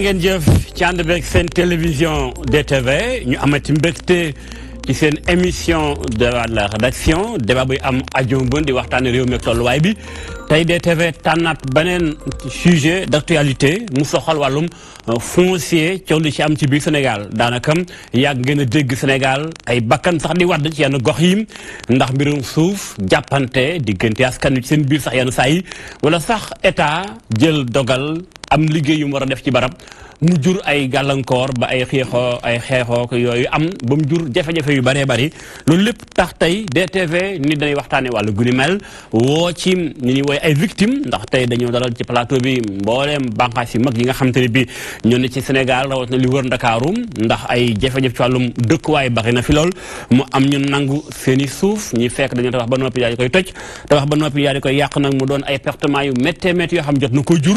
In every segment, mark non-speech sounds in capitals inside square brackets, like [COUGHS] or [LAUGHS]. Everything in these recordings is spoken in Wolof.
jaa ngeen jëf télévision DTV ñu amati mbégte ci seen émission de la rédaction débat am di bi DTV sujet d'actualité mu soxal wàllum euh, foncier ci am ci Sénégal dégg Sénégal ay bakkan sax di ci ndax mbirum suuf ci sax wala sax état jël am liggéey yu mu war a def ci barab mu jur ay gàllankoor ba ay xeexoo ay xeexoo ko yooyu am ba mu jur jafe-jafe yu bëree bëri loolu lépp tax tey DTV nit dañuy waxtaanee wàllu guni mel woo ci ni ñuy woy ay victimes ndax tey dañoo dalal ci plateau bi mbooleem bànqaas yu mag yi nga xam te ne bi ñoo ne ci Sénégal na li wër Ndakaaru ndax ay jafe-jafe ci wàllum dëkkuwaay bari na fi lool mu am ñu nangu seeni suuf ñi fekk dañoo wax ba noppi yaa di koy toj tabax noppi yaa koy yàq nag mu doon ay pertement yu méttee métti yoo xam jot na ko jur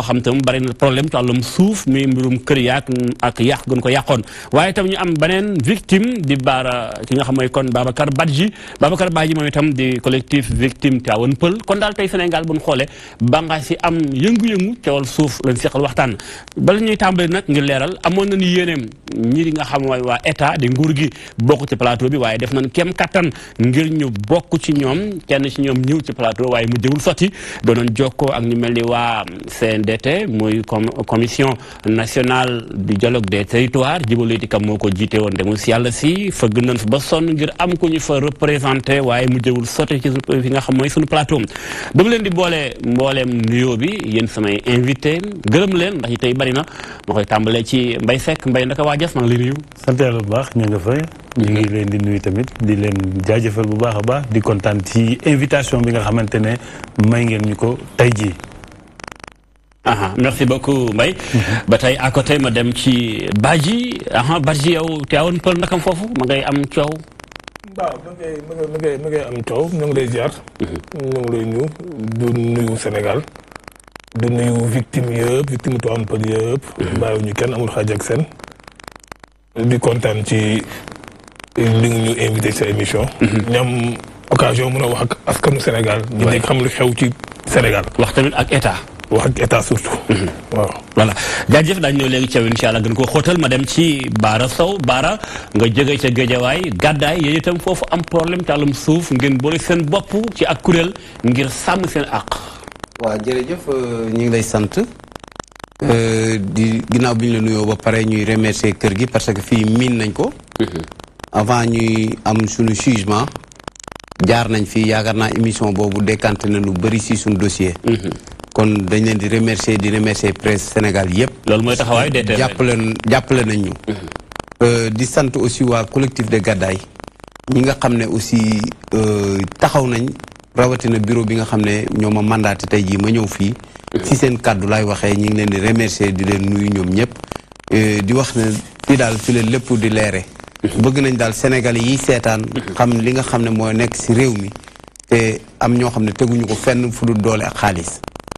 boo xam tam bari na problème ci wàllum suuf muy mbirum kër yaak ak yàq gën ko yàqoon waaye tam ñu am beneen victime di baara ki nga xam mooy kon Babacar Badji Babacar Badji moom itam di collectif victime Tivaouane Peul kon daal tey Sénégal bu ñu xoolee bangaa si am yëngu-yëngu teewal suuf lañ seqal waxtaan bala ñuy tàmbali nag ngir leeral amoon nañu yéeneem ñi li nga xam mooy waa état di nguur gi bokk ci plateau bi waaye def nañ kem kattan ngir ñu bokk ci ñoom kenn ci ñoom ñëw ci plateau waaye mu jëwul sotti doonoon jokkoo ak ñu mel ni waa CNDT muy commission nationale du dialogue des territoires kam moo ko jiite woon demul si yàlla si fëgg nañ fi ba sonn ngir am ko ñu fa représenté waaye mu jëwul sotti ci fi nga xam mooy suñu plateau dama leen di boole mbooleem nuyoo bi yéen samay invité gërëm Diass maa ngi lay nuyu. sant yàlla bu baax ñu nga fa. ñu ngi leen di nuyu tamit di leen jaajëfal bu baax a baax di kontaan ci invitation bi nga xamante ne may ngeen ñu ko tey jii. merci beaucoup Mbaye [LAUGHS] ba tey à côté ma dem ci Badji aha Badji yow te awoon pël ndakam foofu ma ngay am coow. waaw ma ngay am coow ñu ngi lay ziar. Mhm. ñu ngi lay nuyu Sénégal. du nuyu victime yëpp victime tuwaan pël yëpp. Mhm. bàyyiwuñu kenn amul xaaj seen. di kontaan ci li nga ñu invité sa émission. Mhm. ñam occasion mun a wax ak askanu Sénégal. ñu nekk xam lu xew ci Sénégal. wax tamit ak état. wax ak état surtout. Mhm. waaw voilà jaajëf daañu ñëw léegi caw incha allah gën ko xóotal ma dem ci Baara Sow Baara nga jógee ca Géejawaay gàddaay yéen itam foofu am problème ci àllum suuf ngeen boole seen bopp ci ak kuréel ngir sàmm seen àq. waaw jërëjëf euh, ñu ngi lay sant. Euh, di ginnaaw bi ñu la nuyoo ba pare ñuy remercier kër gi parce que fii miin nañ ko. Mhm. avant ñuy am suñu jugement jaar nañ fii yaakaar naa émission boobu décanté na lu bëri si suñu dossier. Mhm. kon dañ leen di remercier di remercier presse Sénégal yëpp. loolu mooy taxawaay DTV jàppale jàppale nañ ñu. Mhm. Euh, di sant aussi waa collectif de Gàddaay ñi nga xam ne aussi euh, taxaw nañ rawatina bureau bi nga xam ne ñoo ma tey jii ma ñëw fii. ci seen kàddu laay waxee ñu ngi leen di remercier di leen nuyu ñoom ñëpp eh, di wax na fii daal fi leen lépp di leere bëgg nañ daal Sénégal yi seetaan xam li nga xam ne mooy nekk si réew mi te am ñoo xam ne teguñu ko fenn fu dul doole ak xaalis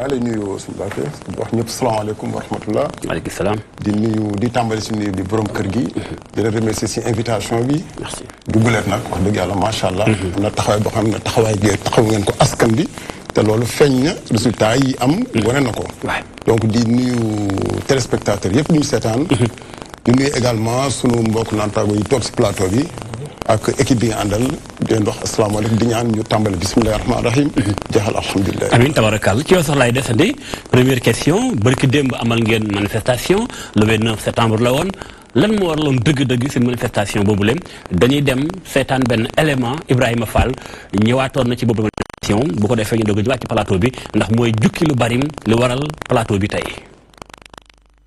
maa nuyu suñu Mbacke wax ñëpp salaamaaleykum wa rahmatullah maaleykum salaam. di nuyu di tàmbali suñu nuyu bi borom kër gi. Mm-hmm. di la remercier si invitation bi. merci dugguleet nag wax dëgg yàlla macha allah. Mm-hmm. am na taxawaay boo xam ne taxawaay gi taxaw ngeen ko askan bi. te loolu feeñ na résultat yi am. Mm-hmm. wane na ko. donc di nuyu téléspectateur yëpp ñu seetaan. di nuyu également sunu mbokk naataango yi toog si plateau bi. ak équipe bi nga àndal di leen assalamu alaykum di ñaan ñu tambal bismillahir rahmanir rahim. jeexal alhamdullilah amin tabarakal ci wax lay defandi première question barki démb amal ngeen manifestation le 29 septembre la won lan mo war lon deug deug ci manifestation bobu leen dañuy dem seetaan ben élément Ibrahima Fall ñëwaatoon na ci bobu manifestation bu ko defé ñu dogu ñëwaat ci plateau bi ndax moy jukki lu barim lu waral plateau bi tay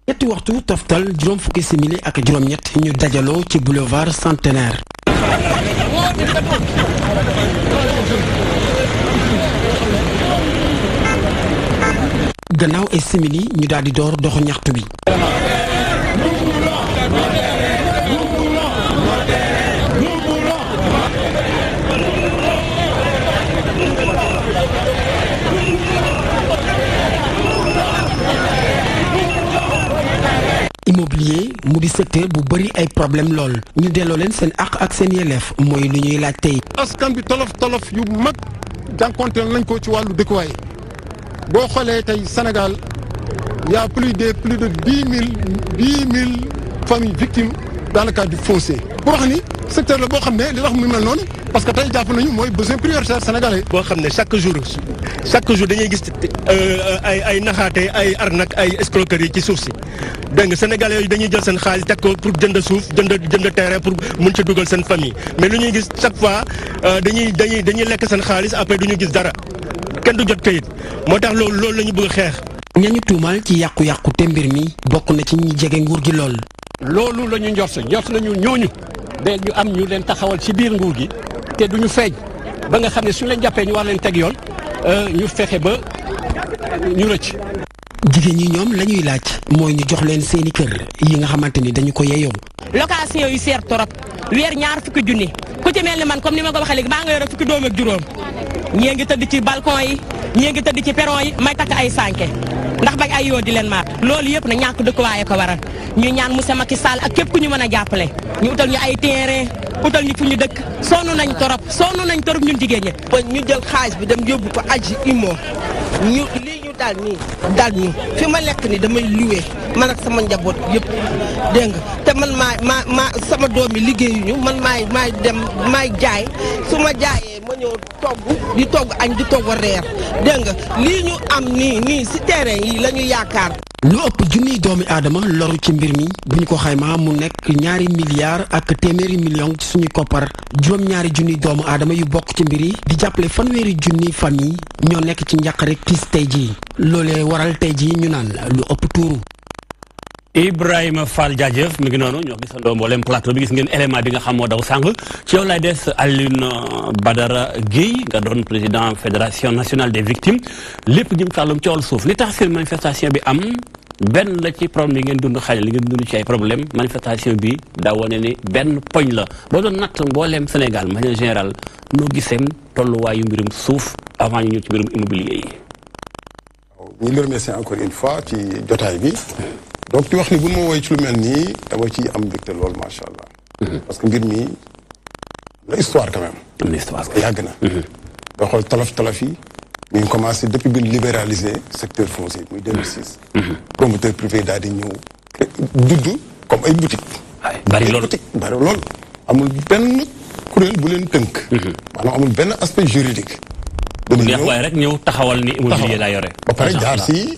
ñetti waxtu taftal juróom fukki simili ak juróom-ñett ñu dajalo ci boulevard centenaire. gannaaw et simili ñu de di immobilier mu di secteur bu bëri ay problème lool ñu delloo leen seen àq ak seen yelleef mooy lu ñuy laaj tey. askan bi tolof tolof yu mag jànkonteel nañ ko ci wàllu dëkkuwaay boo xoolee tey senegal y' a plus de plus de dix mille dix mille familles victimes dans le cadre du wax ni. secteur la boo xam ne li tax mu mel noonu parce que tey jàpp nañu mooy besoin prioritaire sénégalais. boo xam ne chaque jour chaque jour dañuy gis euh, ay ay naxaate ay arnaque ay escroquerie ci suuf si dégg nga sénégalais yi dañuy jël seen xaalis teg ko pour jënd suuf jënd jënd terrain pour mun ci dugal seen famille mais lu ñuy gis chaque fois euh, dañuy dañuy dañuy lekk seen xaalis après du ñu gis dara kenn du jot kayit moo tax loolu loolu la ñu bëgg xeex. ñañu tuumaal ci yàqu-yàqu te mbir mi bokk na ci ñi jege lool. loolu la ñu njort njort nañu ñooñu ba ñu am ñu leen taxawal ci biir nguur gi te du ñu feeñ ba nga xam ne su leen jàppee ñu war leen teg yoon euh, ñu fexe ba ñu rëcc. jigéen ñi ñoom la ñuy laaj mooy ñu jox leen seeni kër yi nga xamante ni dañu ko yeyoo. location yu seer torop weer ñaar fukki junni ku ci mel ni man comme ni ma ko waxee léegi maa ngi yore fukki doom ak juróom ñii ngi ci balcon yi ñii ngi tëdd ci perron yi may takk ay sànke ay yoo di leen maat loolu yëpp na ñàkk dëkkuwaay ko waral ñu ñaan monsieur Macky ak képp ñu mën a jàppale ñu utal ay terrain utal ñu fu ñu dëkk sonn nañ torop sonn nañ torop ñun jigéen ñi ñu jël xaalis bi dem yóbbu ko aji imo ñu lii ñu daal nii daal nii fi ma lekk ni damay luwee man ak sama njaboot yëpp dégg nga te man maay maa maa sama doom yi liggéeyuñu man maay maay dem maay jaay su ma jaayee ma ñëw togg di togg añ di togg reer dégg nga lii ñu am nii nii si terrain yi la yaakaar. lu ëpp junniy doomi aadama loru ci mbir mi bu ñu ko xaymaa mu nekk ñaari milliards ak téeméeri million ci suñu koppar juróom-ñaari junniy doomu aadama yu bokk ci mbir yi di jàppale fanweeri junniy yi ñoo nekk ci njàqare tiis tey jii loole waral tey jii ñu naan lu ëpp tuuru. Ibrahim Fall jaajëf mi ngi nonu ñoo gisando mboolem plateau bi gis ngeen élément bi nga xam mo daw sang ci yow lay dess Aline Badara Gueye nga doon président fédération nationale des victimes lépp jëm ci coowal suuf li tax seen manifestation bi am Ben la ci problème ngeen dund xal li ngeen dund ci ay problème manifestation bi da woné ni ben pogn la bo doon nat mbooleem Sénégal général no gisem tollu wayu mbirum suuf avant ñu ci mbirum immobilier yi. ñu ngi remercier encore une fois ci jotaay bi. donc di wax ni bu ma woowee ci lu mel nii dama ciy am mbégte loolu macha allah. parce que mbir mi la histoire quand même. am na histoire yàgg na. boo xool talof talof yi. ñu ngi commencé depuis bi libéraliser secteur foncier muy 2006. promoteur privé daal di ñëw. dudd comme ay boutique. ay bari lool bari lool amul benn kuréel bu leen tënk. maanaam amul benn aspect juridique. bu neex waaye rek ñëw taxawal ni immobilier laa yore. ba pare jaar si.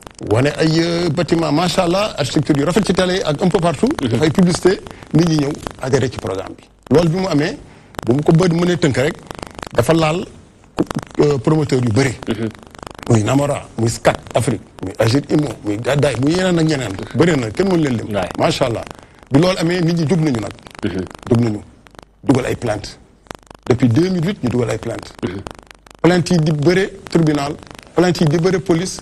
wane ay euh, batiment macha allah architecture yu rafet ci tale ak un peu partout. Mhm. dafay publicité nit ñi ñëw adhéré ci programme bi. lool bi mu amee bu mu ko bë mënee tënk rek dafa laal euh, promoteur yu bëri. Mhm. muy Namora muy SCAT Afrique muy Agir Imo muy Daday muy yeneen ak ñeneen. Mhm. bëri na kenn mënu leen lim. waay macha allah bi loolu amee nit ñi jug nañu nag. jug nañu dugal ay plainte depuis 2008 ñu dugal ay plainte. plainte yi di bëre tribunal plainte yi di bëre police.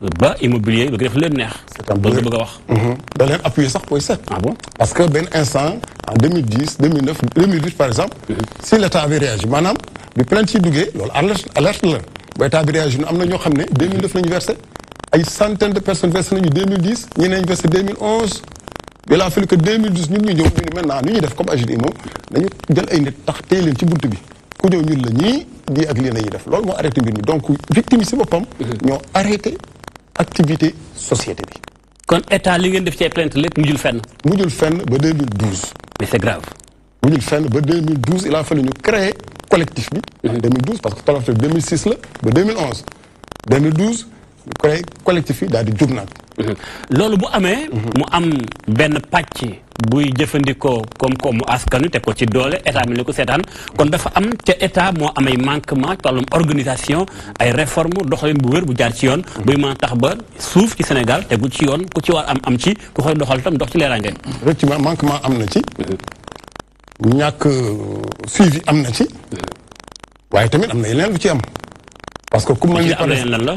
ba immobilier bëgg def leen neex. bëgg bëgg a wax. Mhm. da leen appuyer sax booy sept ah bon parce que Ben instant en 2010 2009 2008 par exemple. si l'état avait réagi maanaam bi plainte yi duggee loolu alerte alerte la ba état avait réagi nous na ñoo 2009 la ñu versé ay centaines de personnes versé en 2010 ñeneen ñu versé 2011. il a fallu que 2012 ñun ñu ñëw ñu maintenant nu ñuy def comme agir moom dañu jël ay nit tax téye de ci buntu bi ku ñëw ñun la ñii di ak lii la def loolu moo arrêté mbir donc victime c'est si boppam. Mhm. arrêté activité société bi. kon état li ngeen def ci plainte lépp Nous fenn. le fenn ba 2012. mais c'est grave. le fenn ba 2012 il a fallu nous créer collectif bi. Mm-hmm. en 2012 parce que en 2006 la ba 2011. 2012. collectif yi daal di jug mhm. loolu bu amee. Mhm. mu am benn pàcc buy jëfandikoo koom-koomu askanu te ko ci doole état mi li ko seetaan kon dafa am ca état moo amay manquement ci wàllum organisation ay réforme doxalin bu wér bu jaar ci yoon. Mhm. buy mën tax ba suuf ci Sénégal tegu ci yoon ku ci war am am ci ku koy doxal tam dox ci leeraange. effectivement manquement am na ci. ñàkk euh, suivi am na ci. waaye tamit am na yenn lu ci am. parce que ku mel la.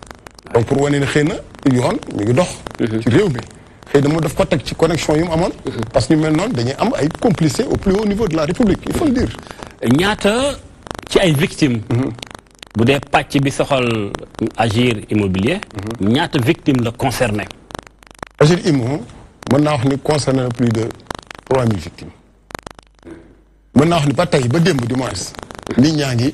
donc pour wane ne xëy na yoon mi ngi dox. ci réew mi xëy na daf ko tek ci connexion yi mu amoon. parce que ñu mel noonu dañuy am ay complice au plus haut niveau de la république il faut le dire. ñaata ci ay victimes. bu dee pàcc bi soxal agir immobilier. ñaata victime la concerné. agir immo mën naa wax ni concerné na plus de trois mille victimes mën naa wax ni ba tey ba démb du moins nit ñaa ngi.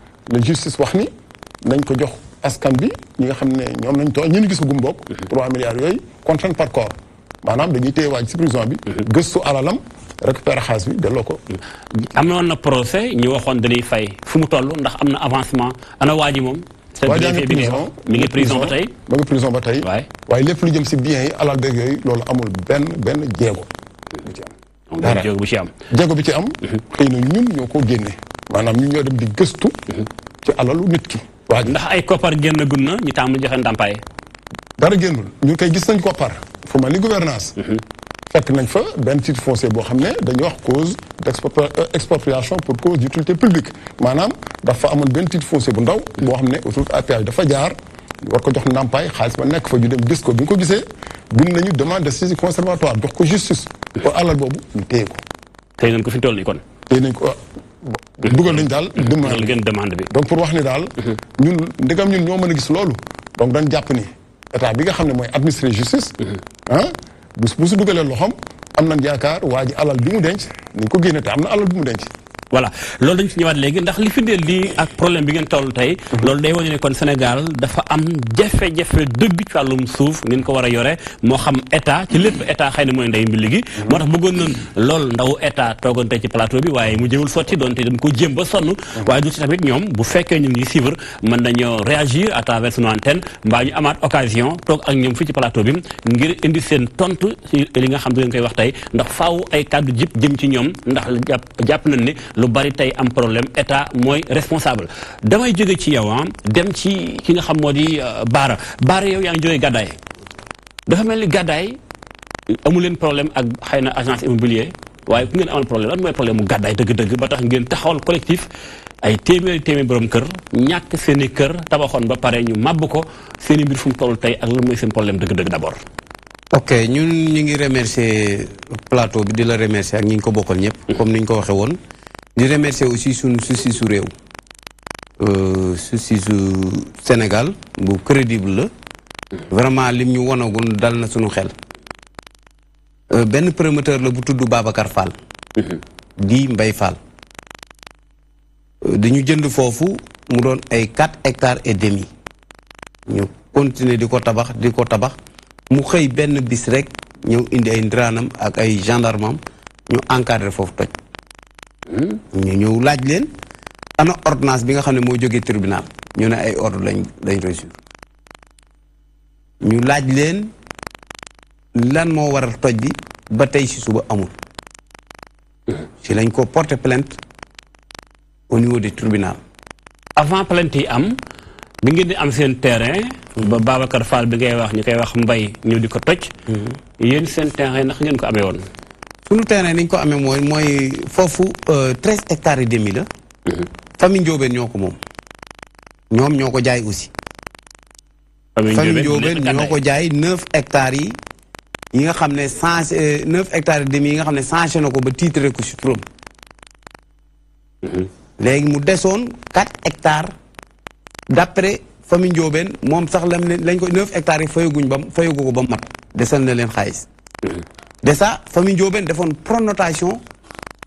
la justice wax ni nañ ko jox askan bi ñi nga xam ne ñoom lañ tooñ ñu gis gum bokk. 3 mhm. milliards yooyu contrainte par corps maanaam dañuy téye waaj si prison bi. Mhm. gëstu alalam récupérer xaalis bi delloo ko. Mhm. am na na procès ñu waxoon dañuy fay fu mu toll ndax am na avancement ana waa ji moom. waa jaa ngi prison mi ngi prison ba tey. ma ngi prison ba tey. waaye lépp lu jëm si biens yi alal beeg yooyu loolu amul benn benn jéego. bu ci am dara bu ci am. jéego bi ci am. xëy na ñun ñoo ko génne. maanaam ñu ñoo dem di gëstu mhm. ci alalu nit ki waaw ndax ay koppar génn gun na ñu tàmbali joxe ndàmpaay dara génnul ñun koy gis nañ koppar fu mel ni gouvernance mhm. fekk nañ fa benn titre foncier boo xam ne dañuy wax cause d'expropriation euh, pour cause d'utilité publique maanaam dafa amoon benn titre foncier bu ndaw mhm. boo xam ne autoroute à péage dafa jaar war ko jox ndàmpaay xaalis ba nekk fa ñu dem gis ko bi ñu ko gisee bi bind nañu demande de saisie conservatoire jox ko justice pour alal boobu ñu téye ko téye ko fi toll nii kon téye nañ ko dugal nañ daal demande bi donc pour wax ni daal mhm. ñun ndegam ñun ñoo mën gis loolu donc dañ jàpp ni état bi nga xam ne mooy administrer justice mhm. ah bu su dugalee loxoom am nañ yaakaar waa ji alal bi mu denc nañ ko génne te am na alal bi mu denc voilà loolu dañ ci ñëwaat léegi ndax li fi dee lii ak problème bi ngeen toll tey mhm. loolu day wane ne kon Sénégal dafa am jafe-jafe dëgg ci wàllum suuf ngeen ko war a yore moo xam état ci lépp état xëy ne mooy ndey mbi ligi mhm. moo tax bëggoon nañ loolu ndaw état toogoon tey ci plateau bi waaye mu jëwul sotti doon te dañ ko jëm ba sonn mhm. waaye du si tamit ñoom bu fekkee ñu ngi suivre mën nañoo réagir à travers sunu antenne mbaa ñu amaat occasion toog ak ñoom fii ci plateau bi ngir indi seen tontu ci li nga xam ne ngeen koy wax tey ndax faaw ay kàddu jip jëm ci ñoom ndax jàpp nañ ni lu bari tay am problème état moy responsable damay jóge ci yow ah, dem ci ki nga xam modi euh, bara bara yow yang ngi gaday dafa melni gaday amul len problème ak xëy agence immobilier waye ku ngeen amul problème lan moy problème mu gaday deug deug ba tax ngeen taxawal collectif ay téeméeri téeméer borom kër ñak seen kër tabaxone ba paré ñu mabbu ko seen mbir fu mu toll tey ak lu moy seen problème deug deug d'abord ok ñun ñu ngi remercier plateau bi di la remercier ak ñi ñu ko bokkal ñëpp. Mm-hmm. comme ni ñu ko waxee woon. Je remercie aussi souci susi su réew euh, susi su Sénégal bu crédible vraiment les ñu wonagul dal na suñu xel Ben promoteur le bu tudd Babacar Fall di mm-hmm. Mbaye Fall euh, dañu jënd foofu mu doon ay 4 hectares et demi ñu continuer de ko tabax di ko tabax mu xëy benn bis rek drame indi ay ndiraanam ak ay gendarme ñu encadré Fofu. ñu ñëw laaj leen ana ordonnance bi nga xam ne moo jógee tribunal ñu ne ay ordre lañ lañ reçu ñu laaj leen lan moo waral toj bi ba tey si suba amul si lañ ko porte plainte au niveau du tribunal avant plainte yi am bi ngeen di am seen terrain ba Babacar Fall bi ngay wax ñu koy wax mbay ñëw di ko toj mm-hmm. yéen seen terrain ndax ngeen ko amee woon suñu terrain ni ñu ko amee mooy mooy foofu euh, treize hectares et demi la. Mhm. famille Ndiobène ñoo ko moom. ñoom ñoo ko jaay aussi. famille Ndiobène ñoo ko jaay neuf hectares yi. yi nga xam ne sans euh, neuf hectares et yi nga xam ne changé na ko ba titre ko si turam. Mhm. mu desoon quatre hectares d' après famille Ndiobène moom sax lam lañ ko neuf hectares yi fayaguñ ba fayagu ko ba mat desal na leen xaalis. Mhm. déjà famille Ndiobène defoon pronotation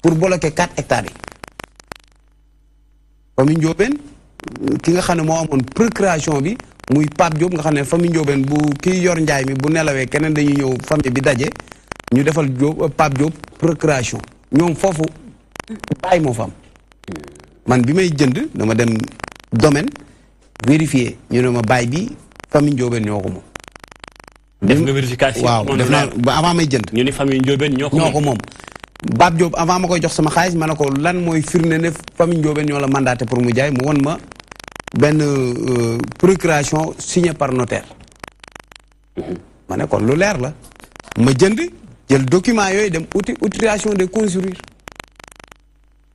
pour bloquer 4 hectares yi famille Ndiobène ki nga xam ne moo amoon procréation bi muy Pape Diop nga xam ne famille Ndiobène bu kii yor njaay mi bu nelawee keneen dañuy ñëw famille bi daje ñu defal Diop euh, Pape Diop ñoom foofu bàyyi moo fa am man bi may jënd dama dem domaine vérifier ñu ne ma baay bi famille Ndiobène ñoo ko moom def nga vérification waaw def naa avant may jënd. ñu ni famille Ndiobène ñoo ko moom ko moom. Baab Diop avant ma koy jox sama xaalis ma ne ko lan mooy firnde ne famille Ndiobène ñoo la mandaté pour mu jaay mu won ma benn euh, procuration par notaire. ma ne kon lu leer la. ma jënd jël document yooyu dem uti autorisation de construire.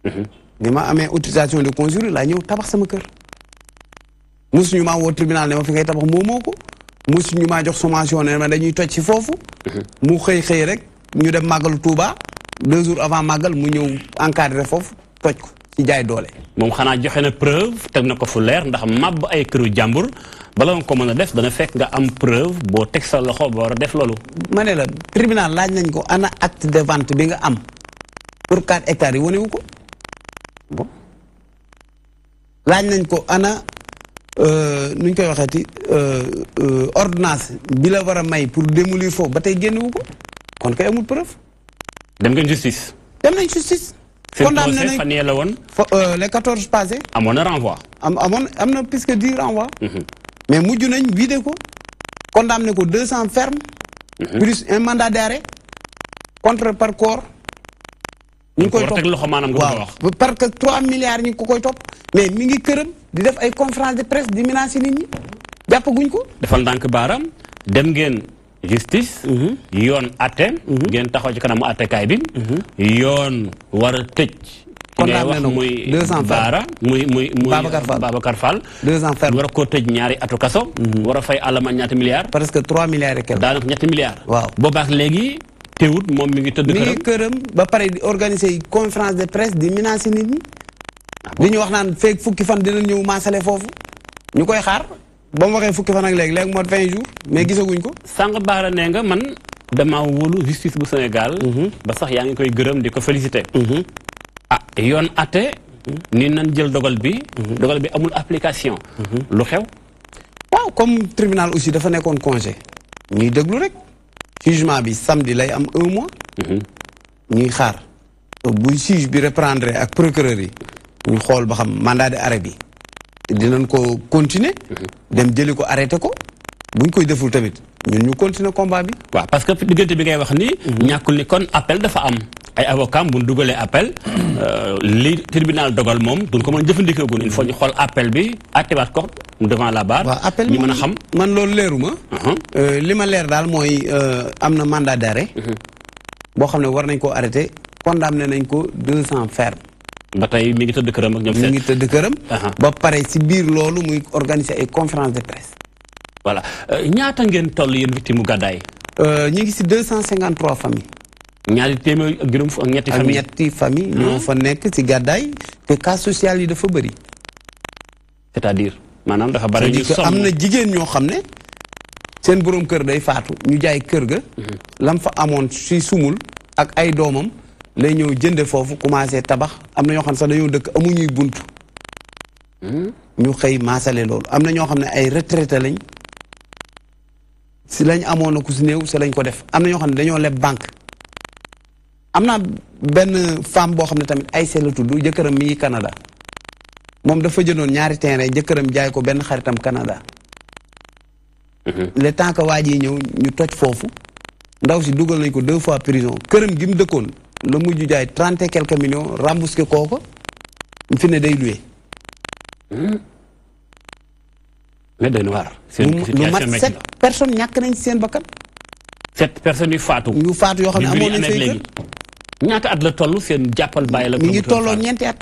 bi mhm. ma amee autorisation de construire laa ñëw tabax sama kër. mosuñu maa woo tribunal ne ma fi ngay tabax moomoo musu ñu ma jox sommation ne ma dañuy toj si foofu. Mhm. mu xëy xëy rek ñu dem màggal Touba deux jours avant màggal mu ñëw encadré foofu toj ko ci jaay doole. moom xanaa joxe na preuve teg na ko fu leer ndax màbb ay këru jàmbur bala nga ko mën a def dana fekk nga am preuve boo teg sa loxo ba a def loolu. ma ne la tribunal laaj nañ ko ana acte de vente bi nga am pour 4 hectares yi wane wu ko laaj nañ ko ana. Nous avons fait une ordonnance a pour démolir faux ba tey Quand ko kon kay preuve. dem ngeen justice. dem justice. condamné le a une justice. les quatorze passés. À renvoi. am mon, puisque renvoi. Mhm. mais nous avons une ko. condamné ko deux ferme. Mhm. plus un mandat d'arrêt contre parcours. ñu ngi koy topp teg loxo maanaam nga wax waaw parce que 3 milliards ñu ngi ko koy topp mais mi ngi këram di def ay conférence de presse di menacer nit ñi jàppaguñ ko. defal ndànk baaraam dem ngeen justice. Mhm. yoon atte. Mhm. ngeen taxaw ci kanamu attekaay bi. Mhm. yoon war a tëj. condamné na muy deux ans baara muy muy muy Babacar Fall. deux ans ferme war a koo tëj ñaari atu kaso. war a fay alamaan ñaata milliards. presque 3 milliards et quelques. daanaka ñetti milliards. waaw boobaak léegi. téwut mom mi ngi teud këram mi këram ba paré di organiser conférence de presse di menacer nit ñi. li ah ñu wax naan feeg fukki fan dina ñëw masalé fofu ñukoy xaar ba mu waxé fukki fan ak lég lég mo 20 jours mais gisaguñ ko. sànq baara nee nga man dama wolu justice bu Sénégal. Mhm. ba sax ya ngi koy gërëm di ko féliciter. Mhm. ah yoon até ni nan jël dogal bi. Mhm. dogal bi amul application. lu xew. waaw comme tribunal aussi dafa nekkoon congé ñuy déglu rek. jugement bi samedi lay am 1 mois. ñuy xaar bu juge bi reprendre ak procureur yi ñu xol ba xam mandat d'arrêt bi dinañ ko continuer. dem jëli ko arrêté ko buñ koy deful tamit ñun ñu continuer combat bi. wa parce que digënté bi ngay wax ni. ñakul ni kon appel dafa am. ay avocat bu ñu dugalee appel le [CLEARS THROAT] euh, tribunal dogal mom duñ ko mën jëfandikoo gun il faut ñu xool appel bi attewaat ko devant la barre. waaw appel ñu mën xam. man lool léruma uh-huh. euh lima lér dal moy euh amna mandat d'arrêt. Uh-huh. bo xamné war nañ ko arrêter condamné nañ ko 200 cent ferme. ba tay mi ngi tëdd këram ak ñom seen mi ngi tëdd këram. Uh-huh. ba paré ci biir loolu muy organiser ay conférence de presse. voilà euh, ñaata ngeen toll yéen victime mu euh ñi ngi ci 253 familles. ñaari téeméer ak juróom ak ñetti famille ak ñetti famille ñoo ah. fa nekk ci gàddaay te cas social yi dafa bëri. c'est-à-dire maanaam dafa bari ñu sonn am na jigéen ñoo xam ne seen boroom kër day faatu ñu jaay kër ga. Mm-hmm. lam fa amoon si sumul ak ay doomam lay ñëw jënde foofu commencé tabax am na ñoo xam sax dañoo dëkk amuñuy bunt. Mm-hmm. ñu xëy maasale loolu am na ñoo xam ne ay retraité lañ si lañ amoon na ku si néew si lañ ko def am na ñoo xam ne dañoo leb banque. am naa benn femme boo xam ne tamit ay see la tudd jëkkëram mi ngi Canada moom dafa jëndoon ñaari terrain jëkkëram jaay ko benn xaritam Canada mm-hmm. le temps que waa ji ñëw ñu toj foofu ndaw si dugal nañ ko deux fois prison këram gi mu dëkkoon la mujj jaay trente et quelques millions remboursé kooko fi ne day luwe. Mm-hmm. mais doy na waar. seen lu mat sept personnes ñàkk nañ seen bakkan. sept personnes yu faatu. yu faatu yoo xam ne amoon nañ say kër ñaata at la toll seen jàppal bàyyi la. mi ngi tolloo ñeenti at.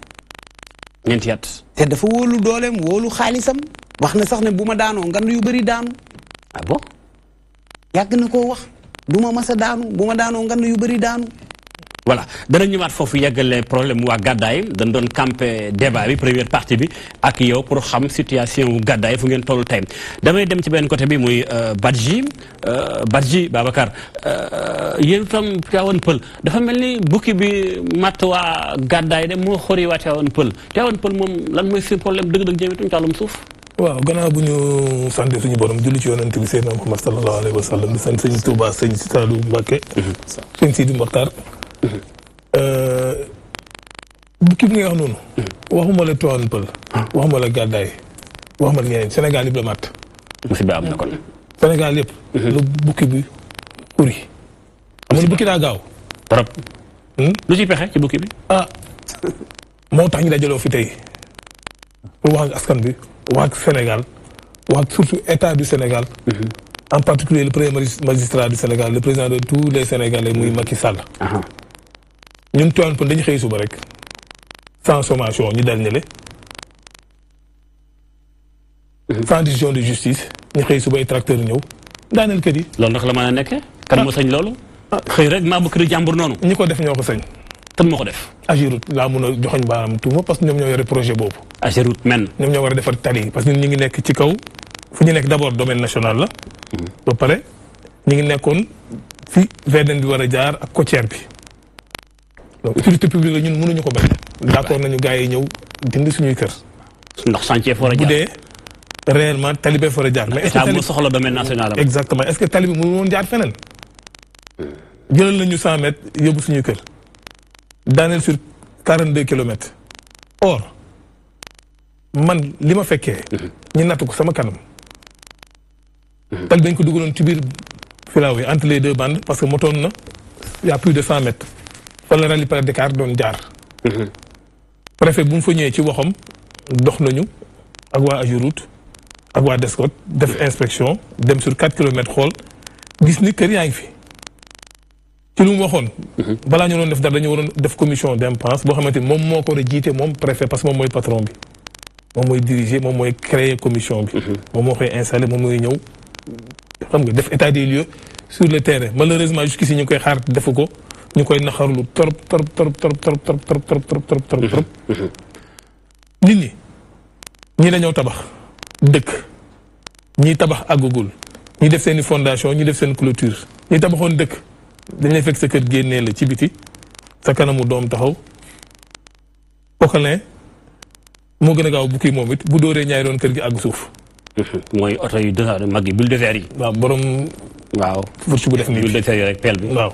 ñeenti at. te dafa wóolu dooleem wóolu xaalisam. wax na sax ne bu ma daanoo ngand yu bëri daanu. ah bon. yàgg na koo wax du ma mës a daanu bu ma daanoo ngand yu bëri daanu. voilà dana ñëwaat foofu yeggale problème waa gàddaay dañ doon campé débat bi première partie bi ak yow pour xam situation wu gàddaay fu ngeen toll tey damay dem ci benn côté bi muy euh, Badji euh, Badji Babacar euh, yéen itam Tivaouane Peulh dafa mel ni bukki bi matt waa gàddaay de moo xori waa Tivaouane Peulh Tivaouane Peulh moom lan mooy seen problème dëgg-dëgg jëmetuñ càllum suuf waaw gannaaw bu ñu sant suñu borom julli ci yonent bi Seydina Muhammad sallallahu alayhi wa sallam di sant sëñ Touba sëñ Saliou Mbacké mhm. sëñ Sidi Mokhtar le euh, Sénégal nga wax la du Sénégal. Mhm. en particulier le premier magistrat du Sénégal le président de tous les Sénégalais Mouy mhm. Macky ñun Tivaouane Peulh dañu xëy suba rek sans sommation ñu dal le mhm. sans décision de justice ñu xey suba ay tracteur ñew daaneel kër yi. loolu ndax la mën a nekkee. kan mo sañ loolu. Ah. xëy rek maa bu kër jàmbur noonu. ñi ko def ñoo ko sañ. kan moo ko def. Agirut laa mun a joxoñ baaraam tuuma parce que ñoom ñoo yore projet boobu. Agirut men. ñoom ñoo war a defar tali parce que ñun ñu ngi nekk ci kaw fu ñu nekk d' abord domaine national la. Mhm. ba pare ñu ngi nekkoon fi VDN bi war a jaar ak côtière bi autorité publique la ñun mënuñu ko bañ. d'accord nañu gaay ñew dind suñu kër. ndox chantier fo la réellement talibé fo foo jaar. mais est ce que tali soxla domaine national exactement est ce que talibé mënu woon jaar feneen. jëlal nañu 100 mètres yobu suñu kër. daaneel sur 42 deux kilomètres. or man lima féké fekkee. ñu natt ko sama kanam. tali dañ ko dugaloon ci bir filaaw entre les deux bandes parce que motoon na il y' a plus de 100 mètres wala rallye par Dakar doon jaar. Mhm. préfet bu mu fa ñëwee ci waxam dox nañu ak waa Ageroute ak waa Descot def mhm. inspection dem sur 4 kilomètres xool gis ni kër yaa ngi fi. ci lu mu waxoon. Mhm. balaa ñu doon def dara dañu waroon def commission d'impense boo xamante ni moom moo ko war a jiite moom préfet parce que moom mooy patron bi moom mooy diriger moom mooy créer commission bi. moom moo koy installer moom mooy ñëw xam nga def état des lieux sur le terrain malheureusement jusqu'ici ñu koy xaar defu ko. ñu koy naxarlu trop trop trop trop trop trop trop trop trop trop trop trop nit ñi ñi dañoo tabax dëkk ñi tabax àggagul ñi def seen i fondation ñi def seen clôture ñi tabaxoon dëkk dañ lay fekk sa kër génnee la ci biti sa kanamu doom taxaw kooku ne moo gën a gaaw bu kii moom it bu dóoree ñaari doon kër gi àgg suuf. mooy oto yu dëgër mag yi bulldozer yi. waaw borom. waaw furci bu def nii bulldozer yi rek pelle bi waaw.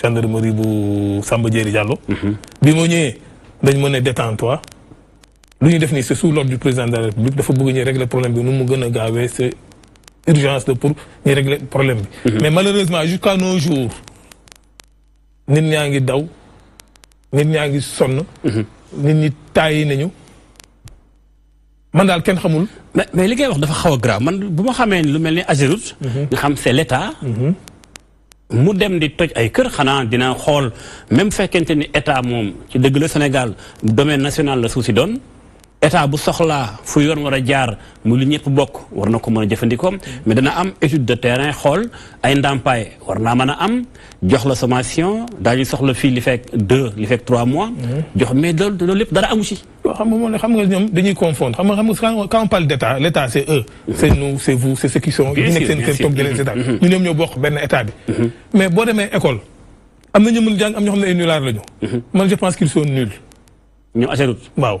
gendarmerie bu Samba Diéry Diallo. Mhm. bi ma ñëwee dañ ma détends-toi lu ñu def ni c'est sous l'ordre du président de la république dafa bëgg ñu régler problème bi nu mu gëna a c'est urgence de pour ñu régler problème bi. Mhm. mais malheureusement jusqu'à nos jours nit ñaa ngi daw nit ñaa ngi sonn. Mhm. nit ñi tayi nañu. man daal kenn xamul. mais li ngay wax dafa xaw a grave man bu ma xamee lu mel ni Ageroute. nga xam c'est l'État. mu dem di toj ay kër xanaa dina xool même fekkente ni état moom ci dëgg la Sénégal domaine national la suuf si doon état bu soxla fu yoon war a jaar mu lu ñëpp bokk war na ko mën a jëfandikoo mais dana am étude de terrain xool ay ndàmpaay war naa mën a am jox la sommation daañu soxla fii li fekk deux li fekk trois mois. Mhm. jox mais loolu loolu lépp dara amu ci. xam nga moom xam nga ñoom dañuy confondre xam nga xam nga quand on parle d' état l' état c' est eux. Mhm. c' est nous c' est vous c' est ceux qui sont. bien sûr bien sûr ñu nekk seen ñu ñoom ñoo bokk benn état bi. Mhm. mais boo demee école am na ñu mën jàng am ñoo xam ne ay nullards la ñu. man je pense qu' ils sont nuls. ñu asserut waaw.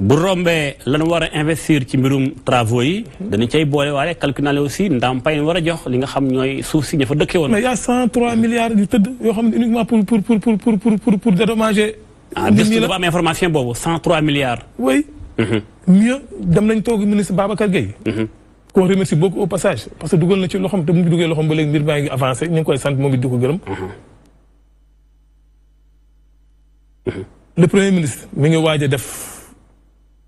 bu rombee lan war investir ci mbirum travaux yi. dañu cay boole waale calculer aussi ndàmpaay yi war a jox li nga xam ñooy suuf si fa mais y' a 103 milliards du tout yoo xam uniquement pour pour pour pour pour pour pour dédommager. Ah, nit ñi la am information bobo 103 milliards. oui. Mhm. mieux dem nañ toog ministre Babacar Gueye. Mhm. qu'on remercie beaucoup au passage parce que dugal na ci loxoom te mu ngi duggee loxoom ba léegi mbir baa ngi avancé ñu ngi koy sant moom it di ko mhm. le premier ministre mi ngi waaj def.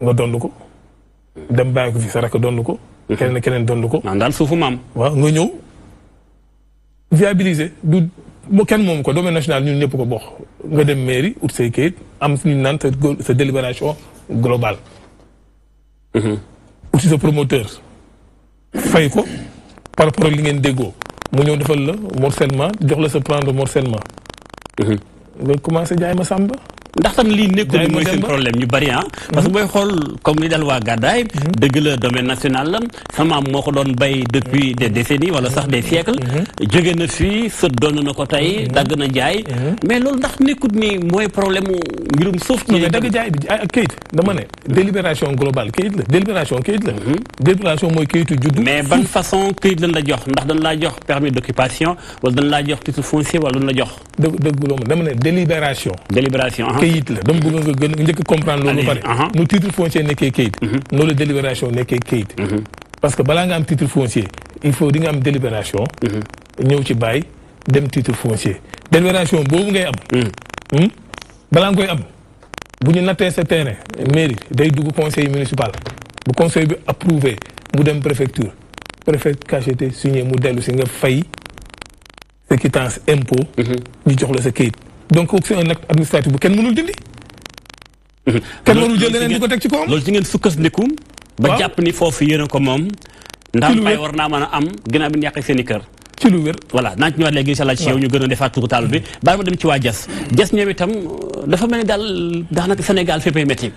nga donn ko dem bàyyi ko fi sa rakk donn ko mhm. keneen keneen donn ko naan daal suufu maam waaw nga ñëw viabiliser du kenn moom ko domaine national ñun ñëpp ko bokk nga dem mairie ut say kayit am suñu naan sa sa délibération globale mhm. uti sa promoteur fay ko par rapport li ngeen déggoo mu ñëw defal la morcellement jox la sa plan de morcellement mhm. nga commencé jaay ma sàmba ndax tam lii nekkul mooy seen problème ñu bari ah. Hmm. parce que booy xool comme ni dal waa Gaday. Hmm. dëgg la domaine national la sama moo ko doon bay depuis hmm. des décennies wala sax des siècles. jóge na fii sët doon na ko tey dagg na jaay. mais loolu ndax nekkut ni mooy problème mu mbirum suuf. ci mais dagg jaay ah, kayit dama ne. délibération globale kayit la délibération kayit la. délibération mooy kayitu judd. mais ban façon kayit lañ la jox ndax dañ laa jox permis d'occupation wala dañ laa jox titre foncier wala dañ la jox. dë dëgg loolu dama ne délibération. délibération ah kayit la dama bëgg nga gën njëkk comprendre loolu ba pare uh-huh. nu titre foncier nekkee kayit uh-huh. noonu la délibération nekkee kayit uh-huh. parce que balaa nga am titre foncier il faut di nga am délibération ñëw ci bàyyi dem titre foncier délibération boobu ngay am hmm? balaa nga koy am bu ñu nattee sa terrain mairie day conseil municipal bu conseil approuvé mu dem préfecture préfet cacheté signé mu dellu si nga fay sa impôt ñu jox la sa kayit donc c'est un acte administratif bu kenn mënul dindi. [LAUGHS] kenn mënul jël leneen di ko teg ci kawam. loolu ci ngeen sukkandiku. ba jàpp ni foofu yéen a ko moom. ndax fay war naa mën a am ginnaaw bi ñu yàqee seen i kër. ci lu wér voilà naa ci ñëwaat léegi incha allah ci yow ñu gën a defaat turu taal bi baal ma dem ci waa jas jas ñoom itam dafa mel ni daal daanaka Sénégal fépp ay métti.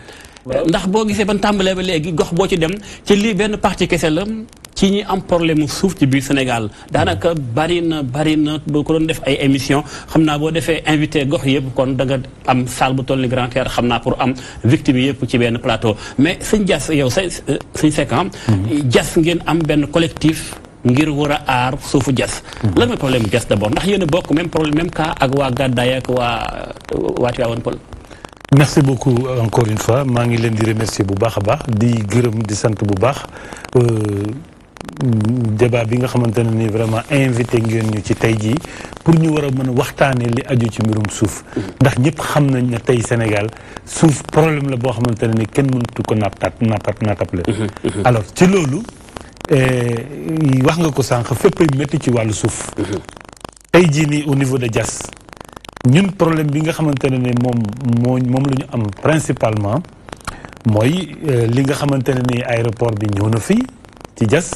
ndax boo gisee ban tàmbalee ba léegi gox boo ci dem ci lii benn parti kese la. ci ñi am problème mu suuf ci biir Sénégal daanaka bari barine, beaucoup de boo ko doon def ay émission xam naa boo invité gox yëpp kon da nga am salle bu Grand Théâtre xam pour am victime yëpp ci benn plateau mais sëñ Diass yow c'est sëñ Seckam ah, mhm. c'est ngeen am benn collectif ngir war a suufu Diass mhm. lan mooy problème Diass d'abord ndax yene bokk même problème même cas ak waa Gàddaay ak wa waa Tivaouane merci beaucoup encore une fois ma ngi leen di remercier bu baax a di gërëm di sant bu euh débat bi nga xamante ne ni vraiment invité ngeen ñu ci tey jii pour ñu war a mën a waxtaanee li aju ci mbirum suuf ndax ñëpp xam nañ ne tey Sénégal suuf problème la boo xamante ne ni kenn mënatu ko nattat nattat nattab la mhm, mhm. alors ci loolu eh, wax nga ko sànq fépp métti ci wàllu suuf mhm. tey jii nii au niveau de jas ñun problème bi nga xamante ne ni moom moo moom la ñu am principalement mooy eh, li nga xamante ne ni aéroport bi ñëw na fii ci jas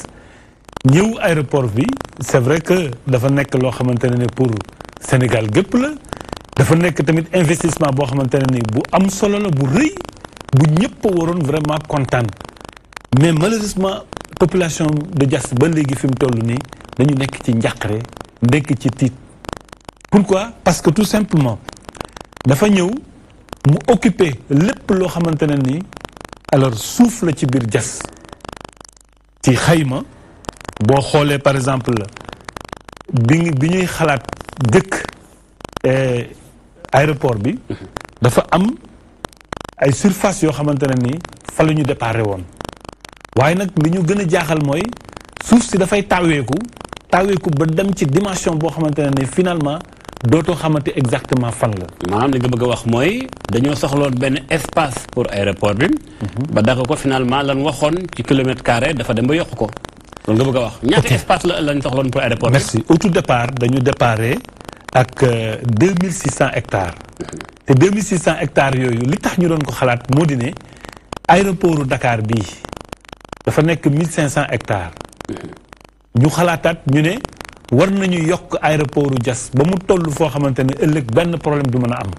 ñëw aéroport bi c'est vrai que dafa nekk loo xamante ne pour Sénégal gépp la dafa nekk tamit investissement boo xamante ne ni bu am solo la bu rëy bu ñëpp vraiment content mais malheureusement population de Diass ba léegi fi mu toll nii dañu nekk ci njàqare nekk ci pourquoi parce que tout simplement dafa ñëw mu occuper le plus xamante ne ni alors souffle la ci biir Diass ci xayma boo xoolee par exemple la bi bi ñuy xalaat jëkk eh, aéroport bi mhm. dafa am ay surface yoo xamante ne ni fa la ñu déparé woon waaye nag li ñu gën a jaaxal mooy suuf si dafay taaweeku taaweeku ba dem ci dimension boo xamante ne ni finalement dootoo xamante exactement fan la. maanaam li nga bëgg a wax mooy dañoo soxloon benn espace pour aéroport bi. Mhm. ba dagg ko finalement lan waxoon ci kilomètre carré dafa dem ba yokk ko. nga bëgg a wax [LAUGHS] ñaata espace la lañ soxloon pour aéroport merci au tout départ dañu déparé ak 2600 euh, hectares te 2600 hectares yooyu li tax ñu doon ko xalaat moo di ne aéroportu dakaar bii dafa nekk 1500 hectares hmm. ñu xalaataat ñu ne war nañu yokk aéroportu jas ba mu toll foo xamante ne ëllëg benn problème du mën a am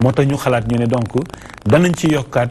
moo tax ñu xalaat ñu ne donc danañ ci yokkaat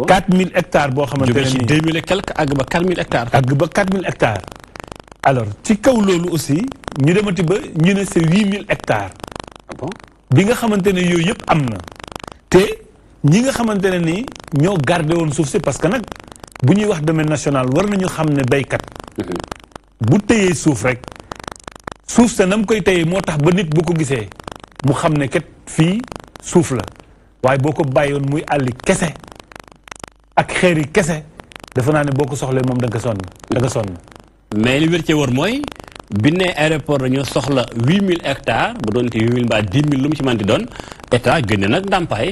4000 hectares boo xamante ne nii 2000 et quelque àgg ba 4000 hectares. àgg ba 4000 hectares. alors ci kaw loolu aussi ñu demati ba ñu ne c'est 8000 hectares. Ah bon bi nga xamante ne yooyu yëpp am na. te ñi nga xamante ne nii ñoo gardé woon suuf si parce que nag bu ñuy wax domaine national war nañu xam ne baykat mm-hmm. bu téyee suuf rek. suuf sa nam koy téye moo tax ba nit bu ko gisee mu xam ne kat fii suuf la waaye boo ko woon muy àlli kese. ak xeer yi kese defe naa ne boo ko soxlee moom da nga sonn da nga sonn. mais li wér ci mooy bi ne aéroport dañoo soxla huit mille hectares ba doon te huit mille mbaa dix mille lu mu ci manti doon état génne nag ndàmpaay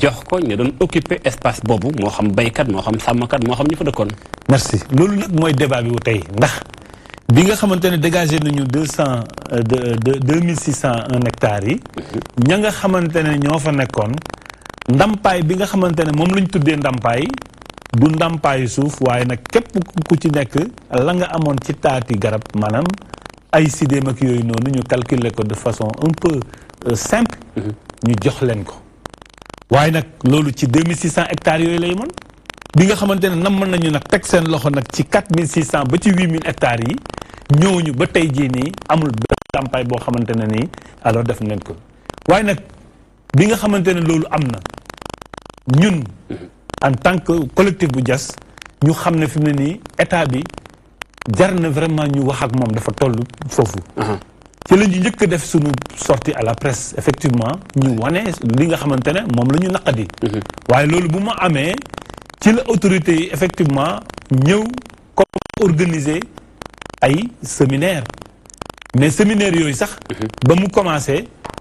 jox ko ñu doon occuper espace boobu moo xam baykat moo xam sàmmkat moo xam ñu fa dëkkoon. merci loolu nag mooy débat bi wu tey ndax bi nga xamante ne dégagé nañu deux cent euh, deux mille six cent un yi. Mhm. ña nga xamante ne ñoo fa nekkoon. ndampaay bi nga xamante ne moom lañ tuddee ndampaay du ndàmpaayu suuf waaye nag képp ku ci nekk la nga amoon ci taati garab maanaam ay sidéem ak yooyu noonu ñu calculer ko de façon un peu euh, simple mhm. ñu jox leen ko waaye nag loolu ci 2600 hectares yooyu lay mën bi nga xamante ne nam mën nañu nag teg seen loxo nag ci 4600 ba ci 8000 hectares yi ñooñu ba tey jii nii amul benn ndàmpaay boo xamante ne nii alors def nañ ko waaye nag bi nga xamante ne loolu am na ñun en tant que collectif bu jas ñu xam ne fi mu ne nii état bi jar na vraiment ñu wax ak moom dafa toll foofu uh-huh. ci la ñu njëkk a def suñu sorti à la presse effectivement ñu wane li nga xamante ne moom la ñu naqadi uh-huh. waaye loolu bu ma amee ci la autorités yi effectivement ñëw comme ay séminaire mais séminaire yooyu sax uh-huh. ba mu commencé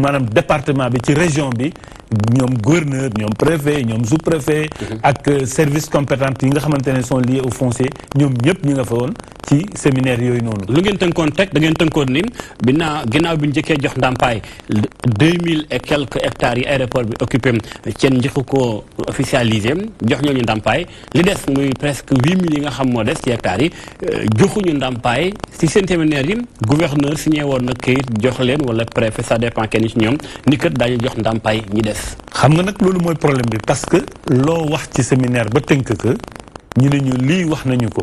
manam département bi ci région bi ñom gouverneur ñom préfet ñom sous-préfet. Mhm. ak euh, service compétent yi nga xamantene son sont liés au foncier ñom ñep ñi nga fa won ci séminaire yooyu noonu. lu ngeen tënkoon teg da ngeen tënkoon ni binaa ginnaaw bi njëkkee jox ndàmpaay deux mille et hectares yi aéroport bi occupé seen njëkk ko officialisé jox ñooñu ndàmpaay li des muy presque huit mille yi nga xam moo des ci hectares yi euh, joxuñu ndàmpaay si seen séminaire yi gouverneur signé woon na këyit jox leen wala préfet ça dépend kenn ci ñoom ni kat daañu jox ndàmpaay ñi des. xam nga nag loolu mooy problème bi parce que loo wax ci séminaire ba tënk que ñu ne ñu lii wax nañu ko.